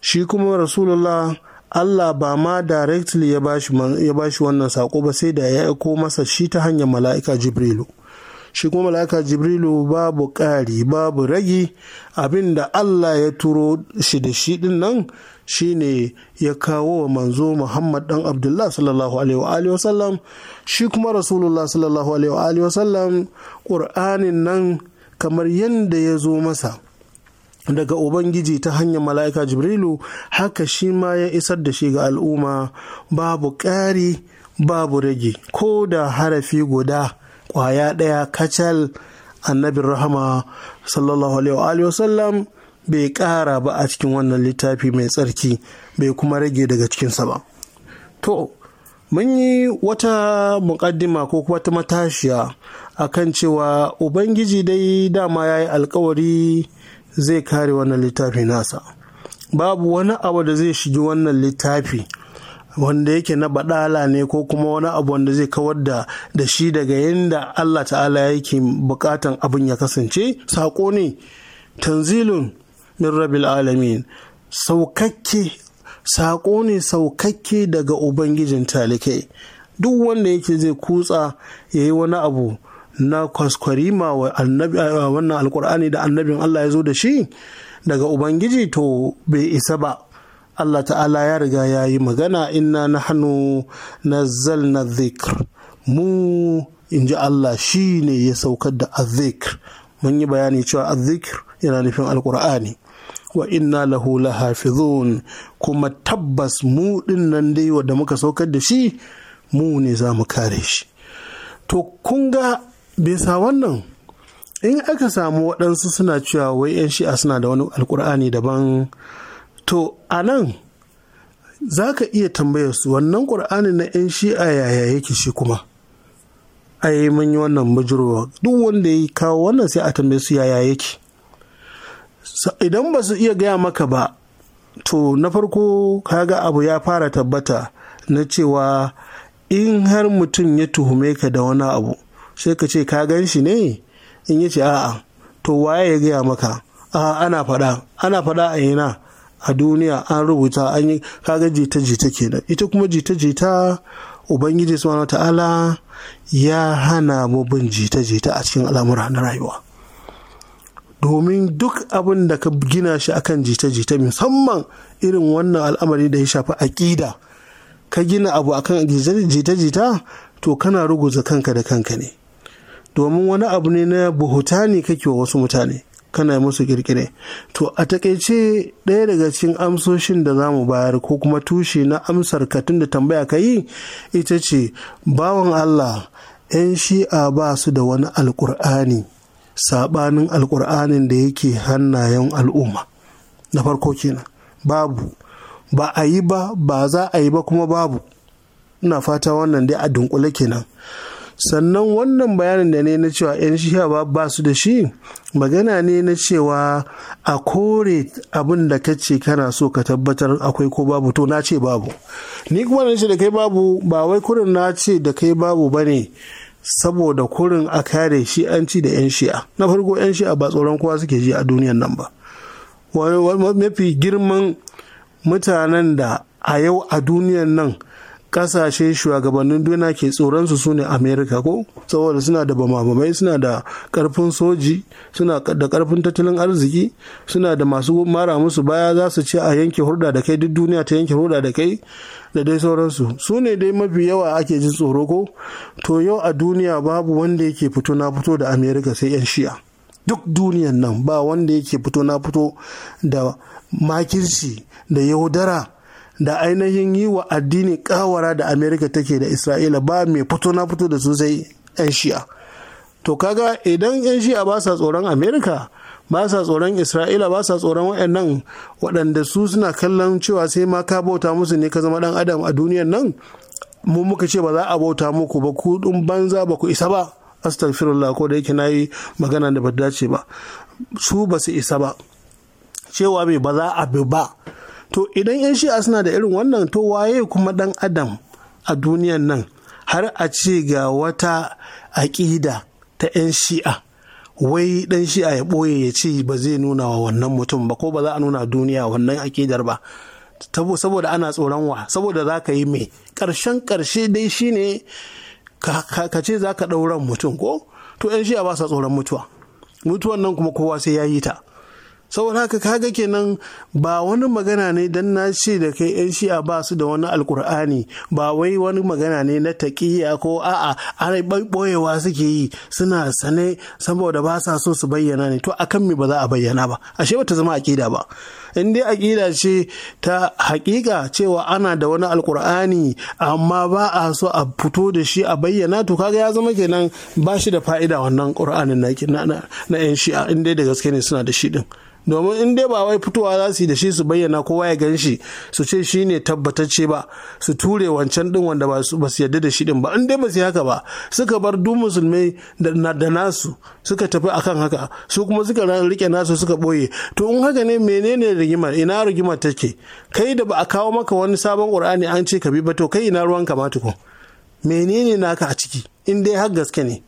shi kuma rasulullah Allah ba ma directly ya bashi wannan saƙo ba sai da ya aiko masa shi ta hanyar mala'ika jibrilu shi kuma mala'ika jibrilu babu ƙari babu ragi abin da allah ya turo shi da shi din nan shine ya kawo wa manzo muhammad dan abdullah sallallahu alaihi wa sallam shi kuma rasulullah sallallahu alaihi wa sallam ƙur'anin nan kamar yadda ya zo masa daga Ubangiji ta hanyar mala'ika Jibrilu haka shi ma ya isar da shi ga al'umma babu ƙari babu rage ko da harafi guda Waya ɗaya kacal annabin rahama sallallahu alaihi wa wasallam bai ƙara ba a cikin wannan littafi mai tsarki bai kuma rage daga cikinsa ba to mun yi wata muƙaddima ko kuma ta matashiya akan cewa ubangiji dai dama ya yi alkawari zai kare wannan littafi nasa babu wani abu da zai shigi wannan littafi wanda yake na baɗala ne ko kuma wani abu wanda zai kawar da da shi daga yadda Allah ta'ala yake bukatan abin ya kasance saƙo ne tanzilun min rabil alamin saukakke saƙo ne saukakke daga ubangijin talikai duk wanda yake zai kutsa ya yi wani abu na kwaskwarima wannan alkur'ani da annabin Allah ya zo da shi daga ubangiji to bai isa ba Allah ta'ala ya riga ya yi magana inna na hannu na zalna zikr mu in ji Allah shi ne ya saukar da azikr mun yi bayani cewa azikr yana nufin alkur'ani wa inna lahu lahafizun kuma tabbas mu din nan dai wanda muka saukar da shi mu ne za mu kare shi to kun ga bisa wannan in aka samu waɗansu suna cewa wai 'yan shi'a suna da wani alkur'ani daban to a nan za ka iya tambayar su wannan ƙur'ani na 'yan shi'a yaya yake shi kuma ai mun yi wannan bujirwa duk wanda ya kawo wannan sai a tambaye su yaya yake idan ba su iya gaya maka ba to na farko ga abu ya fara tabbata na cewa in har mutum ya tuhume ka da wani abu sai ka ce ka gan shi ne in yi ce a'a to waye ya gaya maka a'a ana faɗa ana faɗa a a duniya an rubuta an yi kaga jita-jita kenan ita kuma jita-jita ubangiji subhanahu ta'ala ya hana mu bin jita-jita a cikin al'amura na rayuwa domin duk abin da ka gina shi akan jita-jita musamman irin wannan al'amari da ya shafi aƙida ka gina abu akan jita-jita to kana ruguza kanka da kanka ne domin wani abu ne na buhuta ne kake wa wasu mutane kana musu kirkire to a takaice ɗaya daga cikin amsoshin da za mu bayar ko kuma tushe na amsar katun da tambaya ka yi ita ce bawan allah 'yan shi'a ba su da wani alkur'ani sabanin alkur'anin da yake hannayen al'umma na farko kenan babu ba a yi ba ba za a yi ba kuma babu ina fata wannan dai a dunkule kenan sannan wannan bayanin da ne na cewa 'yan shiha ba su da shi magana ne na cewa a kore abin da ka ce kana so ka tabbatar akwai ko babu to na ce babu ni kuma na ce da kai babu ba wai kurin na ce da kai babu ba ne saboda kurin a kare shi an ci da 'yan shi'a na farko 'yan shi'a ba tsoron kowa suke ji a duniyan nan ba mafi girman mutanen da a yau a duniyan nan kasashe shugabannin duniya ke tsoron su sune amerika ko saboda suna da bamamamai suna da karfin soji suna da karfin tattalin arziki suna da masu mara musu baya za su ce a yanke hurda da kai duk duniya ta yanke hurda da kai da dai sauransu su ne dai mafi yawa ake jin tsoro ko to yau a duniya babu wanda yake fito na fito da amerika sai yan shi'a duk duniyan nan ba wanda yake fito na fito da makirci da yaudara da ainihin yi wa addini kawara da amerika take da isra'ila ba mai fito na fito da su sai 'yan shi'a to kaga idan 'yan shi'a ba sa tsoron amerika ba sa tsoron isra'ila ba sa tsoron waɗannan waɗanda su suna kallon cewa sai ma ka bauta musu ne ka zama ɗan adam a duniyan nan mu muka ce ba za a bauta muku ba ku ɗin banza ba ku isa ba astaghfirullah ko da yake na yi magana da ba dace ba su ba su isa ba cewa mai ba za a bi ba to idan 'yan shi'a suna da irin wannan to waye kuma dan adam a duniyan nan har a ce ga wata aƙida ta 'yan shi'a wai dan shi'a ya ɓoye ya ce ba zai nuna wa wannan mutum ba ko ba za a nuna duniya wannan aƙidar ba saboda ana tsoron wa saboda za ka yi mai ƙarshen ƙarshe dai shi ne, ka ce za ka ɗauran mutum ko to 'yan shi'a ba sa tsoron mutuwa mutuwan nan kuma kowa sai ya yi ta saboda haka kaga kenan ba wani magana ne dan na ce da kai yan shi'a ba su da wani alkur'ani ba wai wani magana ne na taƙiya ko a'a ana ɓoyewa suke yi suna sane saboda ba sa so su bayyana ne to akan me ba za a bayyana ba ashe bata zama aƙida ba in dai aƙida ce ta haƙiƙa cewa ana da wani alkur'ani amma ba a so a fito da shi a bayyana to kaga ya zama kenan ba shi da fa'ida wannan ƙur'anin na 'yan shi'a in dai da gaske ne suna da shi din domin in dai ba wai fitowa za su yi da shi su bayyana kowa ya gan shi su ce shi ne tabbatacce ba su ture wancan din wanda ba su yadda da shi din ba in dai ba su haka ba suka bar duk musulmai da nasu suka tafi akan haka su kuma suka rike nasu suka ɓoye to in haka ne menene rigimar ina rigimar take kai da ba a kawo maka wani sabon qur'ani an ce ka bi ba to kai ina ruwan ka ma menene naka a ciki in dai har gaske ne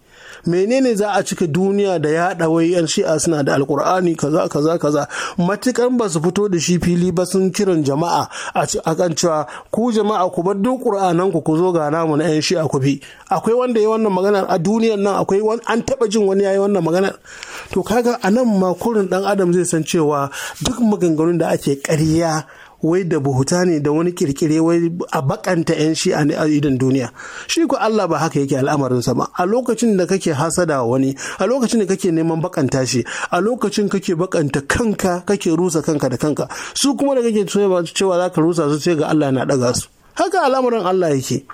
menene za a cika duniya da yaɗa wai yan shi'a suna da alkur'ani kaza kaza kaza matukan ba su fito da shi fili ba sun kiran jama'a a kan cewa ku jama'a ku bar duk qur'anan ku ku zo ga namu na yan shi'a ku bi akwai wanda ya wannan maganar a duniyar nan akwai an taba jin wani yayi wannan maganar to kaga anan ma kurin dan adam zai san cewa duk maganganun da ake ƙarya wai da buhuta ne da wani kirkire wai a bakanta 'yan shi'a a idan duniya shi ko Allah ba haka yake al'amarinsa ba a lokacin da kake hasada wani a lokacin da kake neman bakanta shi a lokacin kake bakanta kanka kake rusa kanka da kanka su kuma da kake cewa za ka rusa su sai ga Allah na daga su haka al'amarin Allah yake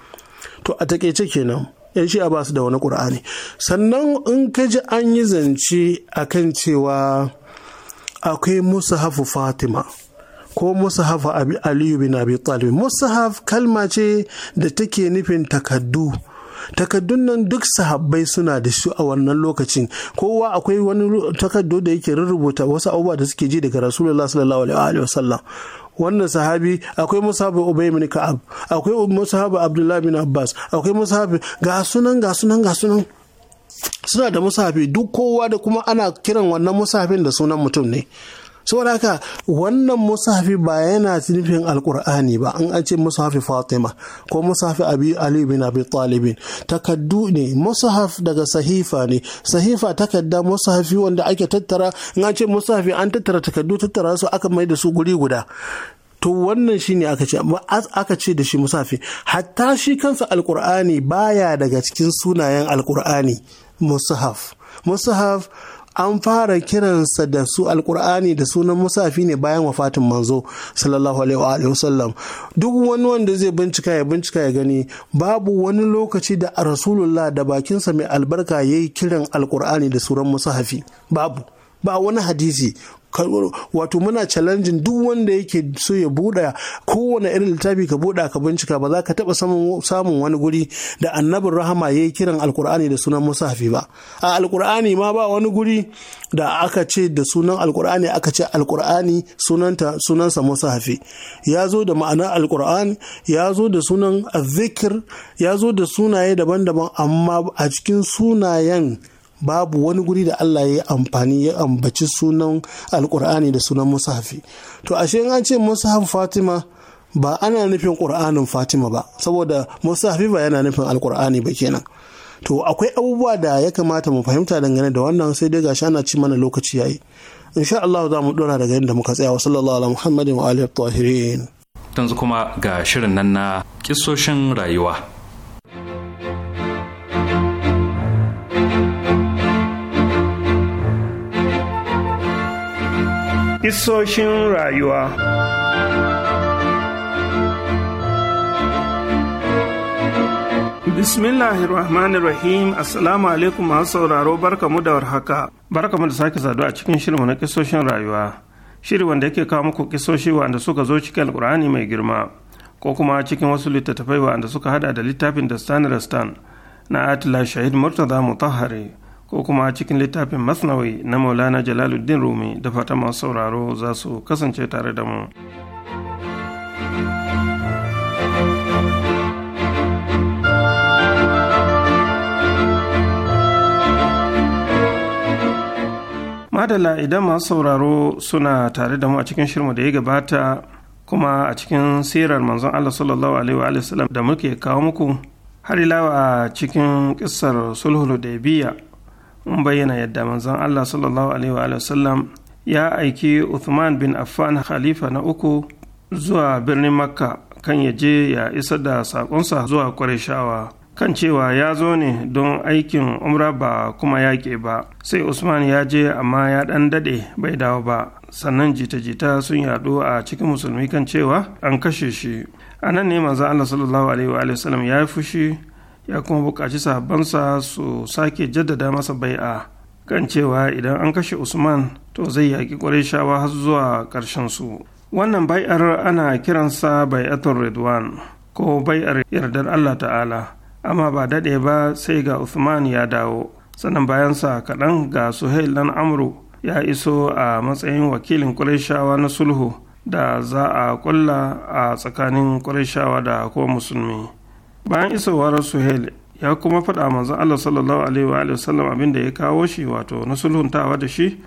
to a takeice kenan yan a ba su da wani qur'ani sannan in ka ji an yi zance akan cewa akwai musahafu fatima ko musahaf aliyu bin abi talib musahaf kalma ce da take nufin takaddu takaddun nan duk sahabbai suna da su a wannan lokacin kowa akwai wani takaddu da yake rubuta wasu abubuwa da suke ji daga rasulullah sallallahu alaihi sallam wannan sahabi akwai musahabu ubay bin ka'ab akwai musahabu abdullah bin abbas akwai musahabu ga sunan ga sunan ga sunan suna da musahafi duk kowa da kuma ana kiran wannan musahafin da sunan mutum ne saboda haka wannan musafi ba yana nufin alkur'ani ba an ce musafi fatima ko musafi abi ali bin abi talibin takaddu ne musahaf daga sahifa ne sahifa takadda musafi wanda ake tattara in an ce musafi an tattara takaddu tattara su aka mai da su guri guda to wannan shine aka ce aka ce da shi musafi hatta shi kansa alkur'ani baya daga cikin sunayen alkur'ani musahaf musahaf an fara kiransa da su alkur'ani da sunan musafi ne bayan wafatin manzo sallallahu alaihi wa sallam duk wani wanda zai bincika ya bincika ya gani babu wani lokaci da rasulullah da bakinsa mai albarka ya yi kiran alkur'ani da sunan musafi babu ba wani hadisi wato muna challenging duk wanda yake so ya buɗa kowane irin littafi ka buɗa ka bincika ba za ka taɓa samun wani guri da annabin rahama ya yi kiran alkur'ani da sunan musafi ba a alkur'ani ma ba wani guri da aka ce da sunan alkur'ani aka ce alkur'ani sunanta sunansa musafi ya zo da ma'anar alkur'ani ya zo da sunan azikir ya zo da sunaye daban-daban amma a cikin sunayen babu wani guri da Allah ya amfani ya ambaci sunan alkur'ani da sunan musahafi to ashe in an ce musahaf fatima ba ana nufin ƙur'anin fatima ba saboda musahafi ba yana nufin alkur'ani ba kenan to akwai abubuwa da ya kamata mu fahimta dangane da wannan sai dai gashi ana ci mana lokaci yayi insha Allah za mu dora daga inda muka tsaya wa sallallahu wa muhammadin wa alihi tahirin yanzu kuma ga shirin nan na kissoshin rayuwa Isoshin rayuwa. Bismillahirrahmanirrahim Assalamu alaikum masu sauraro barkamu da warhaka. Barkamu da sake saduwa a cikin shirin na kisoshin rayuwa. Shiri wanda yake kawo muku kisoshi wanda suka zo cikin alkur'ani mai girma ko kuma cikin wasu littattafai wanda suka hada da littafin da Stan na Atila Shahid Murtaza Mutahari. ko kuma cikin littafin masnawi na maulana jalaluddin rumi da fata masu sauraro za su kasance tare da mu madala idan masu sauraro suna tare da mu a cikin shirin da ya gabata kuma a cikin sirar manzon Allah sallallahu alaihi wa sallam da muke kawo muku har ilawa a cikin kissar sulhul hudaybiya mun bayyana yadda manzon Allah sallallahu alaihi wa sallam ya aiki Uthman bin Affan khalifa na uku zuwa birnin Makka kan ya je ya isa da saƙonsa zuwa Qurayshawa kan cewa ya zo ne don aikin umra ba kuma yaƙe ba sai Usman ya je amma ya ɗan daɗe bai dawo ba sannan jita-jita sun yaɗu a cikin musulmi kan cewa an kashe shi a nan ne manzon Allah sallallahu alaihi wa sallam ya yi fushi ya kuma buƙaci sabansa su sake jaddada masa bai'a kan cewa idan an kashe usman to zai yaƙi ƙwarishawa har zuwa ƙarshen su wannan bai'ar ana kiransa bai'atun redwan ko bai'ar yardar allah ta'ala amma ba daɗe ba sai ga usman ya dawo sannan bayansa kaɗan ga suhail dan amru ya iso a matsayin wakilin ƙwarishawa na sulhu da za a ƙulla a tsakanin ƙwarishawa da kuma musulmi bayan isowar suhail ya kuma faɗa manzon Allah sallallahu alaihi wa sallam abin da ya kawo shi wato na sulhuntawa da shi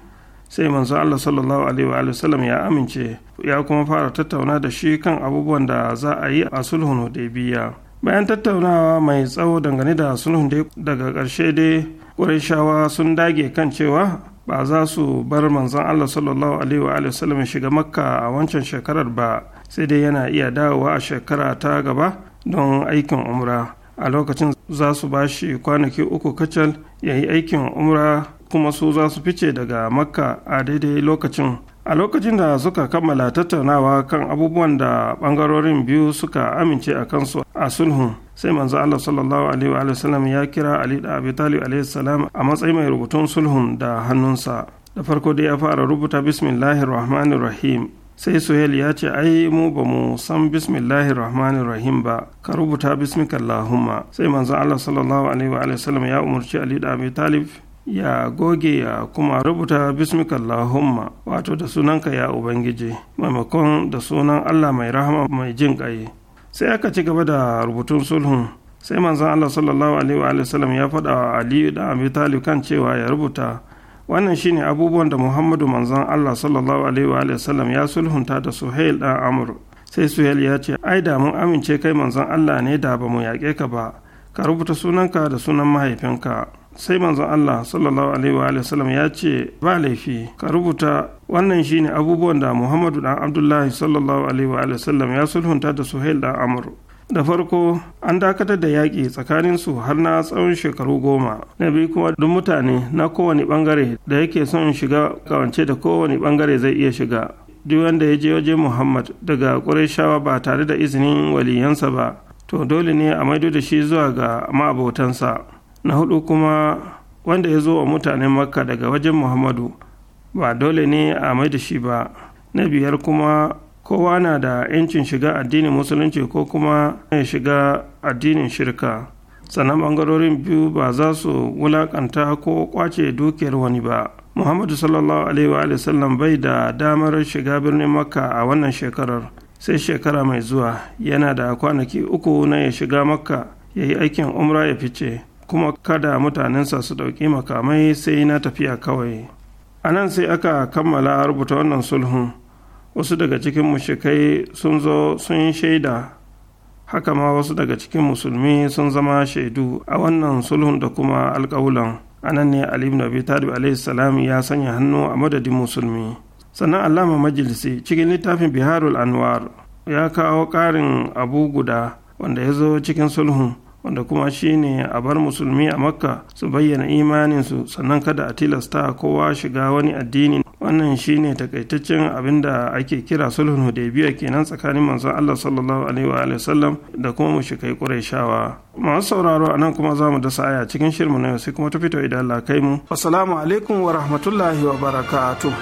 sai manzon Allah sallallahu alaihi wa sallam ya amince ya kuma fara tattauna da shi kan abubuwan da za a yi a sulhun Hudaybiya bayan tattaunawa mai tsawo dangane da sulhun daga ƙarshe dai Qurayshawa sun dage kan cewa ba za su bar manzon Allah sallallahu alaihi wa sallam shiga Makka a wancan shekarar ba sai dai yana iya dawowa a shekara ta gaba don aikin umra a lokacin za su ba shi kwanaki uku kacal ya yi aikin umra kuma su za su fice daga makka a daidai lokacin a lokacin da suka kammala tattaunawa kan abubuwan da bangarorin biyu suka amince a kansu a sulhun sai manzo Allah sallallahu alaihi wa sallam ya kira Ali da Abi Talib alaihi salam a matsayin mai rubutun sulhun da hannunsa da farko dai ya fara rubuta bismillahir rahmanir rahim sai suhel ya ce ai mu ba mu san bismillahir rahmanir rahim ba ka rubuta bismikallahumma sai manzo Allah sallallahu alaihi wa sallam ya umarci Ali da Abi Talib ya goge ya kuma rubuta bismikallahumma wato da sunanka ya ubangiji maimakon da sunan Allah mai rahama mai jin kai sai aka ci gaba da rubutun sulhun sai manzon Allah sallallahu alaihi wa sallam ya faɗa wa Ali da Abi Talib kan cewa ya rubuta wannan shine abubuwan da muhammadu manzon allah sallallahu alaihi wa sallam ya sulhunta da suhail dan amur sai suhail ya ce ai da mun amince kai manzon allah ne da ba mu yaƙe ka ba ka rubuta sunanka da sunan mahaifinka sai manzon allah sallallahu alaihi wa sallam ya ce ba laifi ka rubuta wannan shine abubuwan da muhammadu dan abdullahi sallallahu alaihi wa sallam ya sulhunta da suhail dan amur da farko an dakatar da yaƙi tsakanin su har na tsawon shekaru goma na biyu kuma duk mutane na kowane bangare da yake son shiga kawance da kowane bangare zai iya shiga duk wanda ya je waje muhammad daga ƙurashawa ba tare da izinin waliyansa ba to dole ne a maido da shi zuwa ga ma'abotansa na hudu kuma wanda ya zo wa mutanen makka daga wajen muhammadu ba dole ne a mai shi ba na biyar kuma kowa na da 'yancin shiga addinin musulunci ko kuma ya shiga addinin shirka sannan bangarorin biyu ba za su wulakanta ko kwace dukiyar wani ba muhammadu sallallahu alaihi wa sallam bai da damar shiga birnin makka a wannan shekarar sai shekara mai zuwa yana da kwanaki uku na ya shiga makka ya yi aikin umra ya fice kuma kada mutanensa su ɗauki makamai sai na tafiya kawai Anan sai aka kammala rubuta wannan sulhun wasu daga cikin mushikai sun zo sun shaida haka ma wasu daga cikin musulmi sun zama shaidu a wannan sulhun da kuma alƙawulan a nan ne ali ibn abi talib salam ya sanya hannu a madadin musulmi sannan allama majalisi cikin littafin biharul anwar ya kawo ƙarin abu guda wanda ya zo cikin sulhun wanda kuma shi ne a bar musulmi a makka su bayyana imaninsu sannan kada a tilasta kowa shiga wani addini wannan shi ne takaitaccen abin da ake kira sulhun hudaybiya kenan tsakanin manzon Allah sallallahu alaihi wa sallam da kuma mushrikai qurayshawa masu sauraro a nan kuma za mu dasa aya cikin shirmu na yau sai kuma ta fito idan Allah kai mu assalamu alaikum wa rahmatullahi wa barakatu.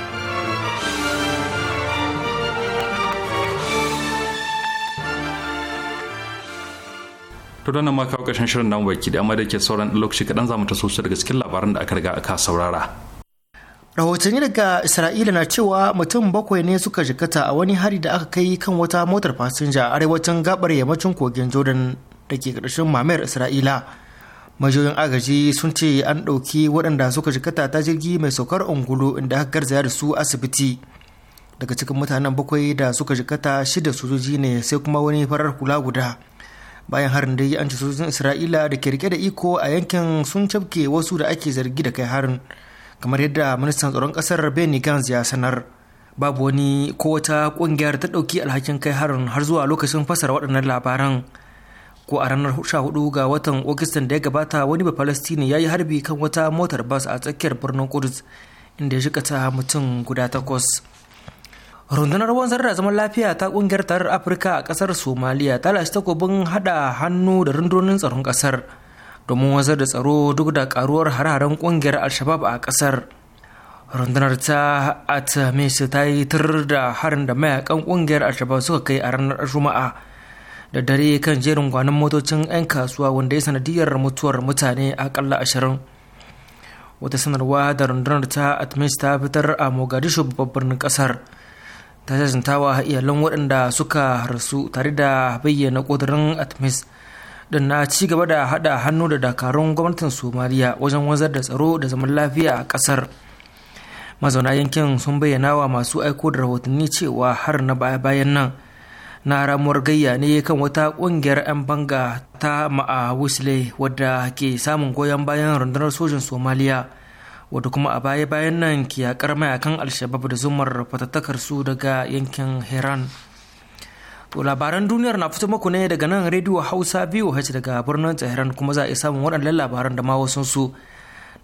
to don nan ma kawo ƙarshen shirin nan baki da amma da ke sauran lokaci kaɗan za mu taso su daga cikin labaran da aka riga aka saurara. rahotanni daga isra'ila na cewa mutum bakwai ne suka jikata a wani hari da aka kai kan wata motar fasinja arewacin gabar yammacin kogin jordan da ke ƙarshen mamayar isra'ila majiyoyin agaji sun ce an ɗauki waɗanda suka jikata ta jirgi mai saukar ungulu inda aka garzaya da su asibiti daga cikin mutanen bakwai da suka jikata shida sojoji ne sai kuma wani farar kula guda bayan harin da an ci sojojin isra'ila da ke rike da iko a yankin sun cafke wasu da ake zargi da kai harin kamar yadda ministan tsaron kasar benny gans ya sanar babu wani ko wata kungiyar ta ɗauki alhakin kai harin har zuwa lokacin fasara waɗannan labaran ko a ranar 14 ga watan ogistan da ya gabata wani bafalastini ya yi harbi kan wata motar bas a tsakiyar birnin kudus inda ya shiga ta mutum guda takwas rundunar wanzar da zaman lafiya ta kungiyar tarar afirka a kasar somaliya ta lashe takobin hada hannu da rundunonin tsaron kasar domin wanzar da tsaro duk da karuwar hararen kungiyar alshabab a kasar rundunar ta atamis ta yi tur da harin da mayakan kungiyar alshabab suka kai a ranar juma'a da dare kan jerin gwanon motocin 'yan kasuwa wanda ya sanadiyar mutuwar mutane akalla ashirin wata sanarwa da rundunar ta atmis ta fitar a mogadishu babban birnin kasar ta jajantawa iyalan waɗanda suka rasu tare da bayyana ƙudurin atmis din na ci gaba da haɗa hannu da dakarun gwamnatin somaliya wajen wanzar da tsaro da zaman lafiya a ƙasar mazauna yankin sun bayyana wa masu aiko da rahotanni cewa har na baya-bayan nan na ramuwar gayya ne kan wata ƙungiyar 'yan banga ta ma'a wadda ke samun goyon bayan rundunar sojin somaliya wata kuma a baya-bayan nan ke yakar mayakan alshabab da zumar fatattakar su daga yankin Iran. To labaran duniyar na fito maku ne daga nan rediyo Hausa VOH daga birnin Tehran kuma za a samun waɗannan labaran da ma wasu su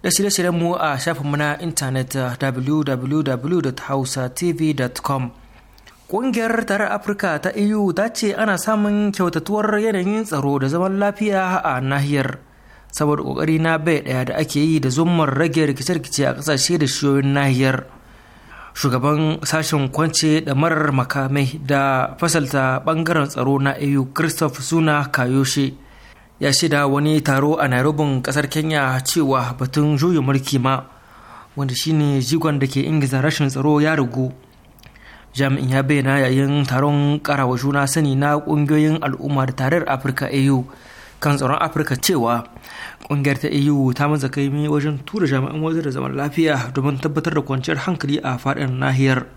da shirye-shiryen mu a shafinmu na intanet uh, www.hausatv.com. Ƙungiyar tarar Afirka ta EU ta ce ana samun kyautatuwar yanayin tsaro da zaman lafiya a nahiyar. saboda kokari na bai daya da ake yi da zummar rage rikice-rikice a kasashe da shiyoyin nahiyar shugaban sashen kwance da marar makamai da fasalta bangaren tsaro na au christoph suna kayoshe ya shida wani taro a nairobi kasar kenya cewa batun juyin mulki ma wanda shine jigon da ke ingiza rashin tsaro ya rugu jami'in ya bayyana yayin taron karawa juna sani na kungiyoyin al'umma da tarar afirka au kan tsaron afirka cewa kungiyar ta eu ta maza kaimi wajen tura jami'an wajen da zaman lafiya domin tabbatar da kwanciyar hankali a faɗin nahiyar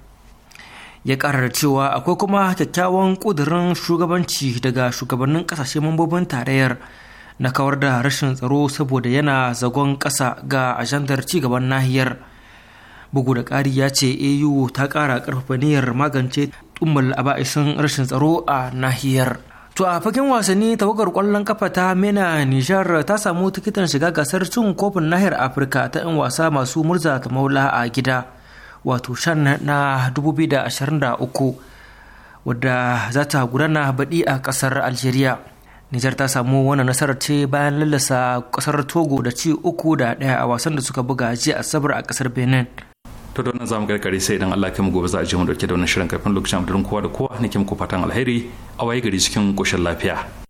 ya ƙara da cewa akwai kuma kyakkyawan ƙudurin shugabanci daga shugabannin ƙasashe mambobin tarayyar na kawar da rashin tsaro saboda yana zagon ƙasa ga ajandar cigaban nahiyar bugu da ƙari ya ce au ta ƙara ƙarfafa niyyar magance tummal a rashin tsaro a nahiyar To a fakin wasanni tawagar kwallon kafa ta Mena Nijar ta samu tikitin shiga gasar cin kofin nahiyar Afirka ta 'yan wasa masu murza ta maula a gida wato shan na 2023 wadda za ta gudana baɗi a ƙasar Algeria. Nijar ta samu wannan nasarar ce bayan lallasa ƙasar Togo da ci uku da ɗaya a wasan da suka buga jiya Asabar a ƙasar Benin. to don nan zamu garkare sai idan Allah ya mu gobe za a je mu dauke da wannan shirin kafin lokacin abdurin kowa da kowa nake muku fatan alheri a waye gari cikin koshin lafiya